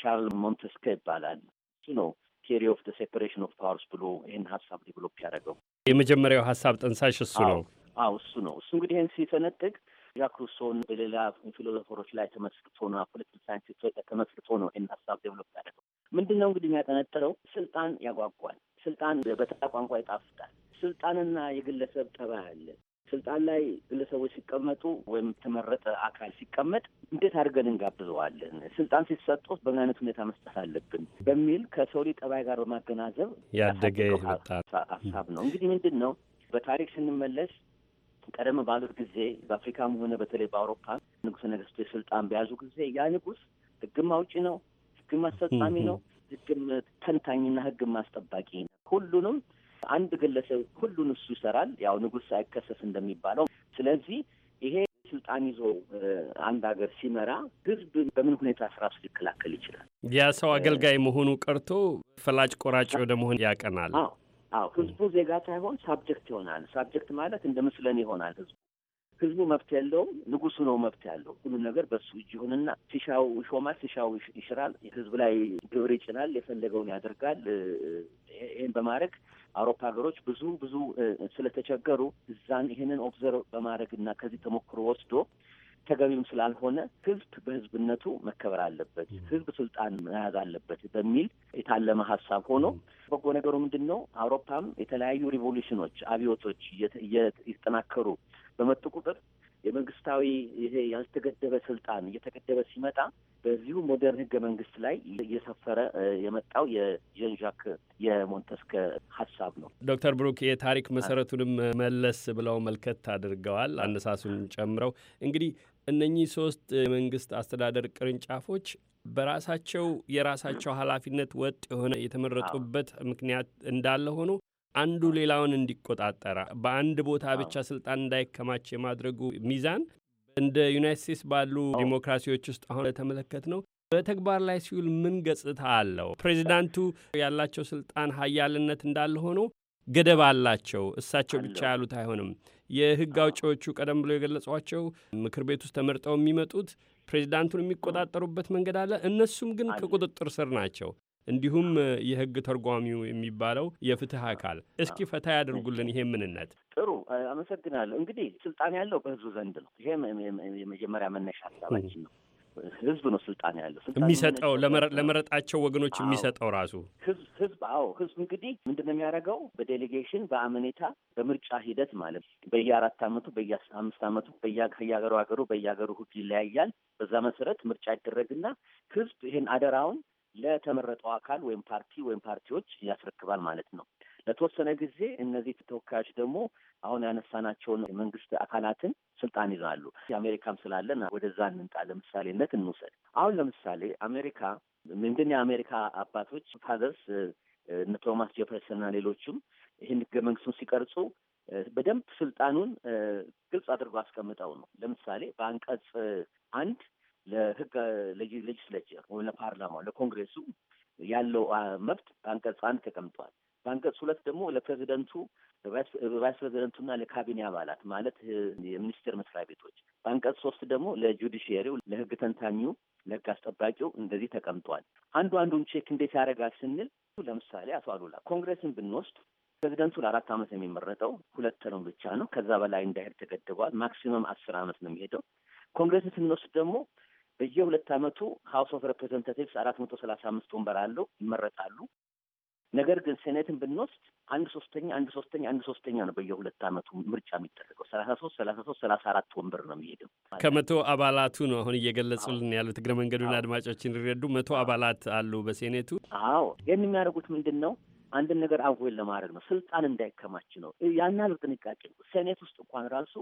ሻርል ሞንተስከ ይባላል። እሱ ነው ቴሪ ኦፍ ሴፐሬሽን ኦፍ ፓወርስ ብሎ ይህን ሀሳብ ዴቨሎፕ ያደረገው። የመጀመሪያው ሀሳብ ጠንሳሽ እሱ ነው። አዎ እሱ ነው። እሱ እንግዲህ ይህን ሲፈነጥቅ ዣክ ሩሶን በሌላ ፊሎሶፈሮች ላይ ተመስርቶ ነው ፖለቲካል ሳይንቲስት ላይ ተመስርቶ ነው ይህን ሀሳብ ዴቨሎፕ ያደረገው። ምንድን ነው እንግዲህ የሚያጠነጥረው ስልጣን ያጓጓል፣ ስልጣን በተራ ቋንቋ ይጣፍጣል፣ ስልጣንና የግለሰብ ጠባይ አለ። ስልጣን ላይ ግለሰቦች ሲቀመጡ ወይም የተመረጠ አካል ሲቀመጥ እንዴት አድርገን እንጋብዘዋለን? ስልጣን ሲሰጡ በምን አይነት ሁኔታ መስጠት አለብን? በሚል ከሰው ልጅ ጠባይ ጋር በማገናዘብ ያደገ ሀሳብ ነው። እንግዲህ ምንድን ነው በታሪክ ስንመለስ ቀደም ባሉት ጊዜ በአፍሪካም ሆነ በተለይ በአውሮፓ ንጉሰ ነገስቱ የስልጣን በያዙ ጊዜ ያ ንጉስ ህግ አውጪ ነው፣ ህግ አስፈጻሚ ነው፣ ሕግም ተንታኝና ሕግም አስጠባቂ ነው። ሁሉንም አንድ ግለሰብ ሁሉን እሱ ይሰራል። ያው ንጉስ አይከሰስ እንደሚባለው። ስለዚህ ይሄ ስልጣን ይዞ አንድ ሀገር ሲመራ ህዝብ በምን ሁኔታ ስራሱ ሊከላከል ይችላል? ያ ሰው አገልጋይ መሆኑ ቀርቶ ፈላጭ ቆራጭ ወደ መሆን ያቀናል። አዎ ህዝቡ ዜጋ ሳይሆን ሳብጀክት ይሆናል። ሳብጀክት ማለት እንደ ምስለን ይሆናል ህዝቡ ህዝቡ መብት የለውም። ንጉሱ ነው መብት ያለው። ሁሉ ነገር በሱ እጅ ይሁንና ሲሻው ይሾማል፣ ሲሻው ይሽራል፣ ህዝብ ላይ ግብር ይጭናል፣ የፈለገውን ያደርጋል። ይህን በማድረግ አውሮፓ ሀገሮች ብዙ ብዙ ስለተቸገሩ እዛን ይህንን ኦብዘርቭ በማድረግ እና ከዚህ ተሞክሮ ወስዶ ተገቢም ስላልሆነ ህዝብ በህዝብነቱ መከበር አለበት፣ ህዝብ ስልጣን መያዝ አለበት በሚል የታለመ ሀሳብ ሆኖ በጎ ነገሩ ምንድን ነው? አውሮፓም የተለያዩ ሪቮሉሽኖች፣ አብዮቶች እየተጠናከሩ በመጡ ቁጥር የመንግስታዊ ይሄ ያልተገደበ ስልጣን እየተገደበ ሲመጣ በዚሁ ሞደርን ህገ መንግስት ላይ እየሰፈረ የመጣው የዣንዣክ የሞንተስከ ሀሳብ ነው። ዶክተር ብሩክ የታሪክ መሰረቱንም መለስ ብለው መልከት አድርገዋል። አነሳሱን ጨምረው እንግዲህ እነኚህ ሶስት የመንግስት አስተዳደር ቅርንጫፎች በራሳቸው የራሳቸው ኃላፊነት ወጥ የሆነ የተመረጡበት ምክንያት እንዳለ ሆኖ አንዱ ሌላውን እንዲቆጣጠራ በአንድ ቦታ ብቻ ስልጣን እንዳይከማች የማድረጉ ሚዛን እንደ ዩናይት ስቴትስ ባሉ ዲሞክራሲዎች ውስጥ አሁን ለተመለከት ነው በተግባር ላይ ሲውል ምን ገጽታ አለው? ፕሬዚዳንቱ ያላቸው ስልጣን ሀያልነት እንዳለ ሆኖ ገደብ አላቸው። እሳቸው ብቻ ያሉት አይሆንም። የህግ አውጪዎቹ ቀደም ብሎ የገለጿቸው ምክር ቤት ውስጥ ተመርጠው የሚመጡት ፕሬዚዳንቱን የሚቆጣጠሩበት መንገድ አለ። እነሱም ግን ከቁጥጥር ስር ናቸው። እንዲሁም የህግ ተርጓሚው የሚባለው የፍትህ አካል እስኪ ፈታ ያደርጉልን ይሄ ምንነት። ጥሩ አመሰግናለሁ። እንግዲህ ስልጣን ያለው በህዝብ ዘንድ ነው። ይሄ የመጀመሪያ መነሻ ሀሳባችን ነው። ህዝብ ነው ስልጣን ያለው የሚሰጠው ለመረጣቸው ወገኖች የሚሰጠው ራሱ ህዝብ። አዎ ህዝብ እንግዲህ ምንድን ነው የሚያደርገው? በዴሌጌሽን በአመኔታ በምርጫ ሂደት ማለት በየአራት አመቱ በየአምስት አመቱ ከየሀገሩ ሀገሩ በየሀገሩ ህግ ይለያያል። በዛ መሰረት ምርጫ ይደረግና ህዝብ ይህን አደራውን ለተመረጠው አካል ወይም ፓርቲ ወይም ፓርቲዎች ያስረክባል ማለት ነው። ለተወሰነ ጊዜ እነዚህ ተወካዮች ደግሞ አሁን ያነሳናቸውን የመንግስት አካላትን ስልጣን ይዛሉ። የአሜሪካም ስላለን ወደዛ እንምጣ። ለምሳሌነት እንውሰድ። አሁን ለምሳሌ አሜሪካ ምንድን የአሜሪካ አባቶች ፋዘርስ እነ ቶማስ እና ሌሎችም ይህን ህገ መንግስቱን ሲቀርጹ በደንብ ስልጣኑን ግልጽ አድርጎ አስቀምጠው ነው። ለምሳሌ በአንቀጽ አንድ ለህግ ሌጅስሌቸር ወይም ለፓርላማው ለኮንግሬሱ ያለው መብት በአንቀጽ አንድ ተቀምጧል። በአንቀጽ ሁለት ደግሞ ለፕሬዚደንቱ ቫይስ ፕሬዚደንቱና ለካቢኔ አባላት ማለት የሚኒስቴር መስሪያ ቤቶች፣ በአንቀጽ ሶስት ደግሞ ለጁዲሽየሪው፣ ለህግ ተንታኙ፣ ለህግ አስጠባቂው እንደዚህ ተቀምጧል። አንዱ አንዱን ቼክ እንዴት ያደርጋል ስንል ለምሳሌ አቶ አሉላ ኮንግሬስን ብንወስድ ፕሬዚደንቱ ለአራት ዓመት የሚመረጠው። ሁለት ተርም ብቻ ነው። ከዛ በላይ እንዳይሄድ ተገድበዋል። ማክሲመም አስር ዓመት ነው የሚሄደው። ኮንግረስን ስንወስድ ደግሞ በየሁለት ዓመቱ ሀውስ ኦፍ ሬፕሬዘንታቲቭስ አራት መቶ ሰላሳ አምስት ወንበር አለው ይመረጣሉ። ነገር ግን ሴኔትን ብንወስድ አንድ ሶስተኛ አንድ ሶስተኛ አንድ ሶስተኛ ነው በየሁለት አመቱ ምርጫ የሚደረገው ሰላሳ ሶስት ሰላሳ ሶስት ሰላሳ አራት ወንበር ነው የሚሄደው። ከመቶ አባላቱ ነው አሁን እየገለጹልን ያሉት እግረ መንገዱን አድማጮች እንዲረዱ መቶ አባላት አሉ በሴኔቱ። አዎ ይህን የሚያደርጉት ምንድን ነው? አንድን ነገር አቮይድ ለማድረግ ነው። ስልጣን እንዳይከማች ነው። ያናል ጥንቃቄ ሴኔት ውስጥ እንኳን ራሱ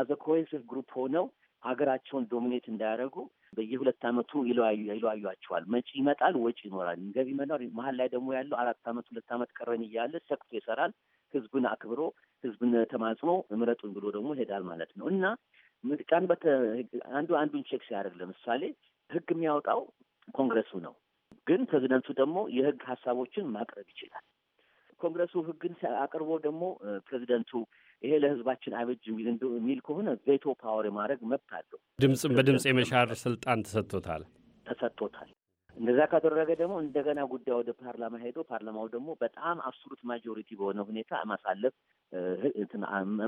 አዘ ኮሄሲቭ ግሩፕ ሆነው ሀገራቸውን ዶሚኔት እንዳያደርጉ በየሁለት አመቱ ይለዋዩቸዋል። መጪ ይመጣል፣ ወጪ ይኖራል፣ ገቢ መኖር መሀል ላይ ደግሞ ያለው አራት አመት ሁለት አመት ቀረን እያለ ሰክቶ ይሰራል። ህዝብን አክብሮ ህዝብን ተማጽኖ ምረጡን ብሎ ደግሞ ይሄዳል ማለት ነው እና ምርጫን አንዱ አንዱን ቼክ ሲያደርግ ለምሳሌ ህግ የሚያወጣው ኮንግረሱ ነው። ግን ፕሬዚደንቱ ደግሞ የህግ ሀሳቦችን ማቅረብ ይችላል። ኮንግረሱ ህግን አቅርቦ ደግሞ ፕሬዚደንቱ ይሄ ለህዝባችን አይበጅም የሚል ከሆነ ቬቶ ፓወር የማድረግ መብት አለው። ድምፅ በድምፅ የመሻር ስልጣን ተሰጥቶታል ተሰጥቶታል። እንደዛ ካደረገ ደግሞ እንደገና ጉዳይ ወደ ፓርላማ ሄዶ ፓርላማው ደግሞ በጣም አብሶሉት ማጆሪቲ በሆነ ሁኔታ ማሳለፍ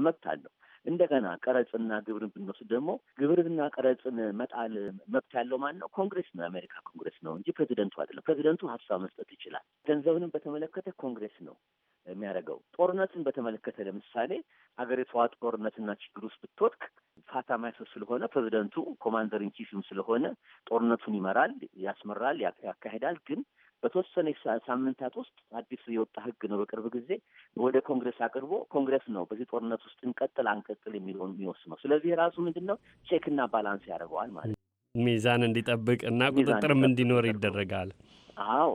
መብት አለው። እንደገና ቀረጽና ግብርን ብንወስድ ደግሞ ግብርና ቀረጽን መጣል መብት ያለው ማን ነው? ኮንግሬስ ነው፣ የአሜሪካ ኮንግሬስ ነው እንጂ ፕሬዚደንቱ አይደለም። ፕሬዚደንቱ ሀሳብ መስጠት ይችላል። ገንዘብንም በተመለከተ ኮንግሬስ ነው የሚያደርገው። ጦርነትን በተመለከተ ለምሳሌ ሀገሪቷ ጦርነትና ችግር ውስጥ ብትወድቅ ፋታ ማይሶ ስለሆነ ፕሬዚደንቱ ኮማንደር ኢንቺፍም ስለሆነ ጦርነቱን ይመራል፣ ያስመራል፣ ያካሂዳል። ግን በተወሰነ ሳምንታት ውስጥ አዲስ የወጣ ህግ ነው በቅርብ ጊዜ ወደ ኮንግረስ አቅርቦ ኮንግረስ ነው በዚህ ጦርነት ውስጥ እንቀጥል አንቀጥል የሚለውን የሚወስነው። ስለዚህ ራሱ ምንድን ነው ቼክና ባላንስ ያደርገዋል ማለት ነው። ሚዛን እንዲጠብቅ እና ቁጥጥርም እንዲኖር ይደረጋል። አዎ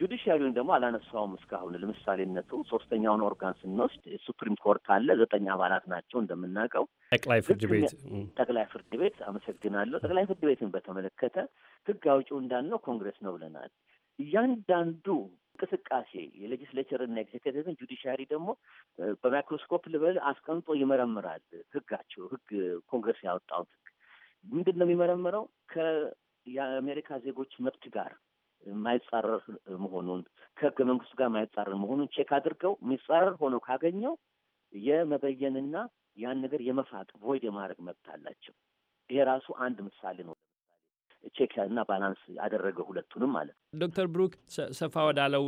ጁዲሽያሪውን ደግሞ አላነሳውም እስካሁን። ለምሳሌነቱ ሶስተኛውን ኦርጋን ስንወስድ ሱፕሪም ኮርት አለ። ዘጠኝ አባላት ናቸው እንደምናውቀው። ጠቅላይ ፍርድ ቤት ጠቅላይ ፍርድ ቤት አመሰግናለሁ። ጠቅላይ ፍርድ ቤትን በተመለከተ ህግ አውጪው እንዳልነው ኮንግረስ ነው ብለናል። እያንዳንዱ እንቅስቃሴ የሌጅስሌቸርና ኤግዜኪቲቭን ጁዲሻሪ ደግሞ በማይክሮስኮፕ ልበል አስቀምጦ ይመረምራል። ህጋቸው ህግ ኮንግረስ ያወጣውን ህግ ምንድን ነው የሚመረምረው? ከየአሜሪካ ዜጎች መብት ጋር የማይጻረር መሆኑን ከህገ መንግስቱ ጋር የማይጻረር መሆኑን ቼክ አድርገው የሚጻረር ሆኖ ካገኘው የመበየንና ያን ነገር የመፋቅ ቮይድ የማድረግ መብት አላቸው። ይሄ ራሱ አንድ ምሳሌ ነው። ቼክ እና ባላንስ ያደረገ ሁለቱንም ማለት ነው። ዶክተር ብሩክ ሰፋ ወዳለው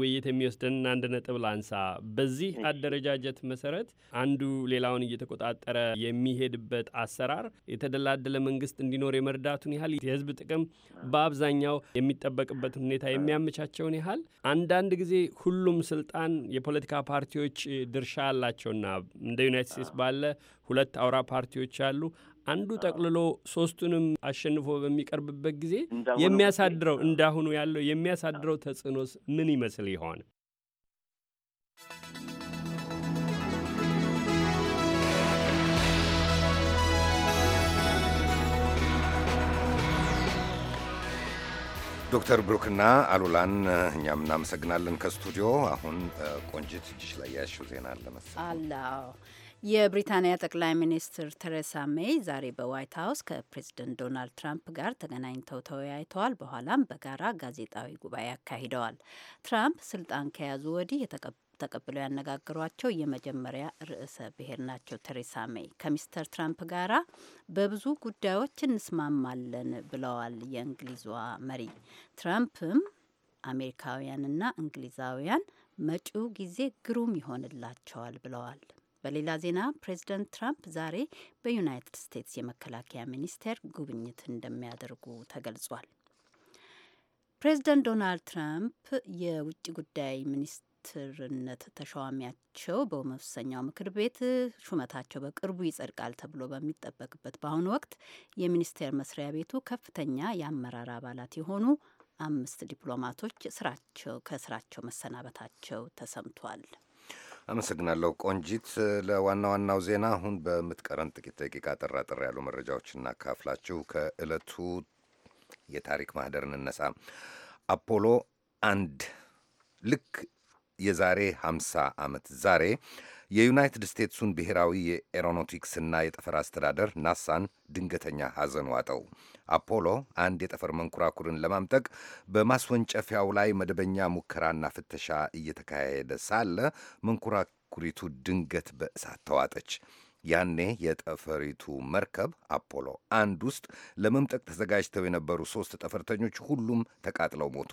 ውይይት የሚወስደን አንድ ነጥብ ላንሳ። በዚህ አደረጃጀት መሰረት አንዱ ሌላውን እየተቆጣጠረ የሚሄድበት አሰራር የተደላደለ መንግስት እንዲኖር የመርዳቱን ያህል የህዝብ ጥቅም በአብዛኛው የሚጠበቅበትን ሁኔታ የሚያመቻቸውን ያህል አንዳንድ ጊዜ ሁሉም ስልጣን የፖለቲካ ፓርቲዎች ድርሻ አላቸውና እንደ ዩናይትድ ስቴትስ ባለ ሁለት አውራ ፓርቲዎች አሉ። አንዱ ጠቅልሎ ሶስቱንም አሸንፎ በሚቀርብበት ጊዜ የሚያሳድረው እንዳሁኑ ያለው የሚያሳድረው ተጽዕኖስ ምን ይመስል ይሆን? ዶክተር ብሩክና አሉላን እኛም እናመሰግናለን ከስቱዲዮ። አሁን ቆንጅት እጅሽ ላይ ያሽው ዜና አለ መሰለኝ። የብሪታንያ ጠቅላይ ሚኒስትር ቴሬሳ ሜይ ዛሬ በዋይት ሀውስ ከፕሬዝደንት ዶናልድ ትራምፕ ጋር ተገናኝተው ተወያይተዋል። በኋላም በጋራ ጋዜጣዊ ጉባኤ አካሂደዋል። ትራምፕ ስልጣን ከያዙ ወዲህ ተቀብለው ያነጋገሯቸው የመጀመሪያ ርዕሰ ብሔር ናቸው። ቴሬሳ ሜይ ከሚስተር ትራምፕ ጋራ በብዙ ጉዳዮች እንስማማለን ብለዋል የእንግሊዟ መሪ። ትራምፕም አሜሪካውያንና እንግሊዛውያን መጪው ጊዜ ግሩም ይሆንላቸዋል ብለዋል። በሌላ ዜና ፕሬዚደንት ትራምፕ ዛሬ በዩናይትድ ስቴትስ የመከላከያ ሚኒስቴር ጉብኝት እንደሚያደርጉ ተገልጿል። ፕሬዚደንት ዶናልድ ትራምፕ የውጭ ጉዳይ ሚኒስትርነት ተሿሚያቸው በመወሰኛው ምክር ቤት ሹመታቸው በቅርቡ ይጸድቃል ተብሎ በሚጠበቅበት በአሁኑ ወቅት የሚኒስቴር መስሪያ ቤቱ ከፍተኛ የአመራር አባላት የሆኑ አምስት ዲፕሎማቶች ስራቸው ከስራቸው መሰናበታቸው ተሰምቷል። አመሰግናለሁ ቆንጂት። ለዋና ዋናው ዜና አሁን በምትቀረን ጥቂት ደቂቃ ጠራጠር ያሉ መረጃዎች እናካፍላችሁ። ከዕለቱ የታሪክ ማህደር እንነሳ። አፖሎ አንድ ልክ የዛሬ 50 ዓመት ዛሬ የዩናይትድ ስቴትሱን ብሔራዊ የኤሮኖቲክስና የጠፈር አስተዳደር ናሳን ድንገተኛ ሐዘን ዋጠው። አፖሎ አንድ የጠፈር መንኮራኩርን ለማምጠቅ በማስወንጨፊያው ላይ መደበኛ ሙከራና ፍተሻ እየተካሄደ ሳለ መንኮራኩሪቱ ድንገት በእሳት ተዋጠች። ያኔ የጠፈሪቱ መርከብ አፖሎ አንድ ውስጥ ለመምጠቅ ተዘጋጅተው የነበሩ ሦስት ጠፈርተኞች ሁሉም ተቃጥለው ሞቱ።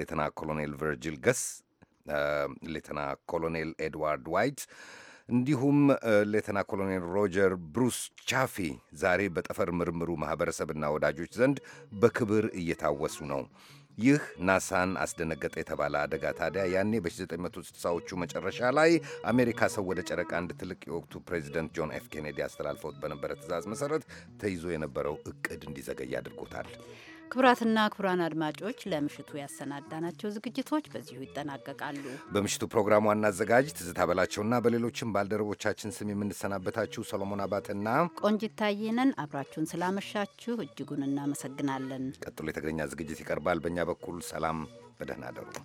ሌተና ኮሎኔል ቨርጂል ገስ ሌተና ኮሎኔል ኤድዋርድ ዋይት እንዲሁም ሌተና ኮሎኔል ሮጀር ብሩስ ቻፊ ዛሬ በጠፈር ምርምሩ ማኅበረሰብና ወዳጆች ዘንድ በክብር እየታወሱ ነው። ይህ ናሳን አስደነገጠ የተባለ አደጋ ታዲያ ያኔ በ1960ዎቹ መጨረሻ ላይ አሜሪካ ሰው ወደ ጨረቃ እንድትልቅ የወቅቱ ፕሬዚደንት ጆን ኤፍ ኬኔዲ አስተላልፈውት በነበረ ትእዛዝ መሠረት ተይዞ የነበረው እቅድ እንዲዘገይ አድርጎታል። ክቡራትና ክቡራን አድማጮች ለምሽቱ ያሰናዳናቸው ዝግጅቶች በዚሁ ይጠናቀቃሉ። በምሽቱ ፕሮግራም ዋና አዘጋጅ ትዝታ በላቸውና በሌሎችም ባልደረቦቻችን ስም የምንሰናበታችሁ ሰሎሞን አባትና ቆንጂት ታየነን አብራችሁን ስላመሻችሁ እጅጉን እናመሰግናለን። ቀጥሎ የትግርኛ ዝግጅት ይቀርባል። በእኛ በኩል ሰላም፣ በደህና አደሩ።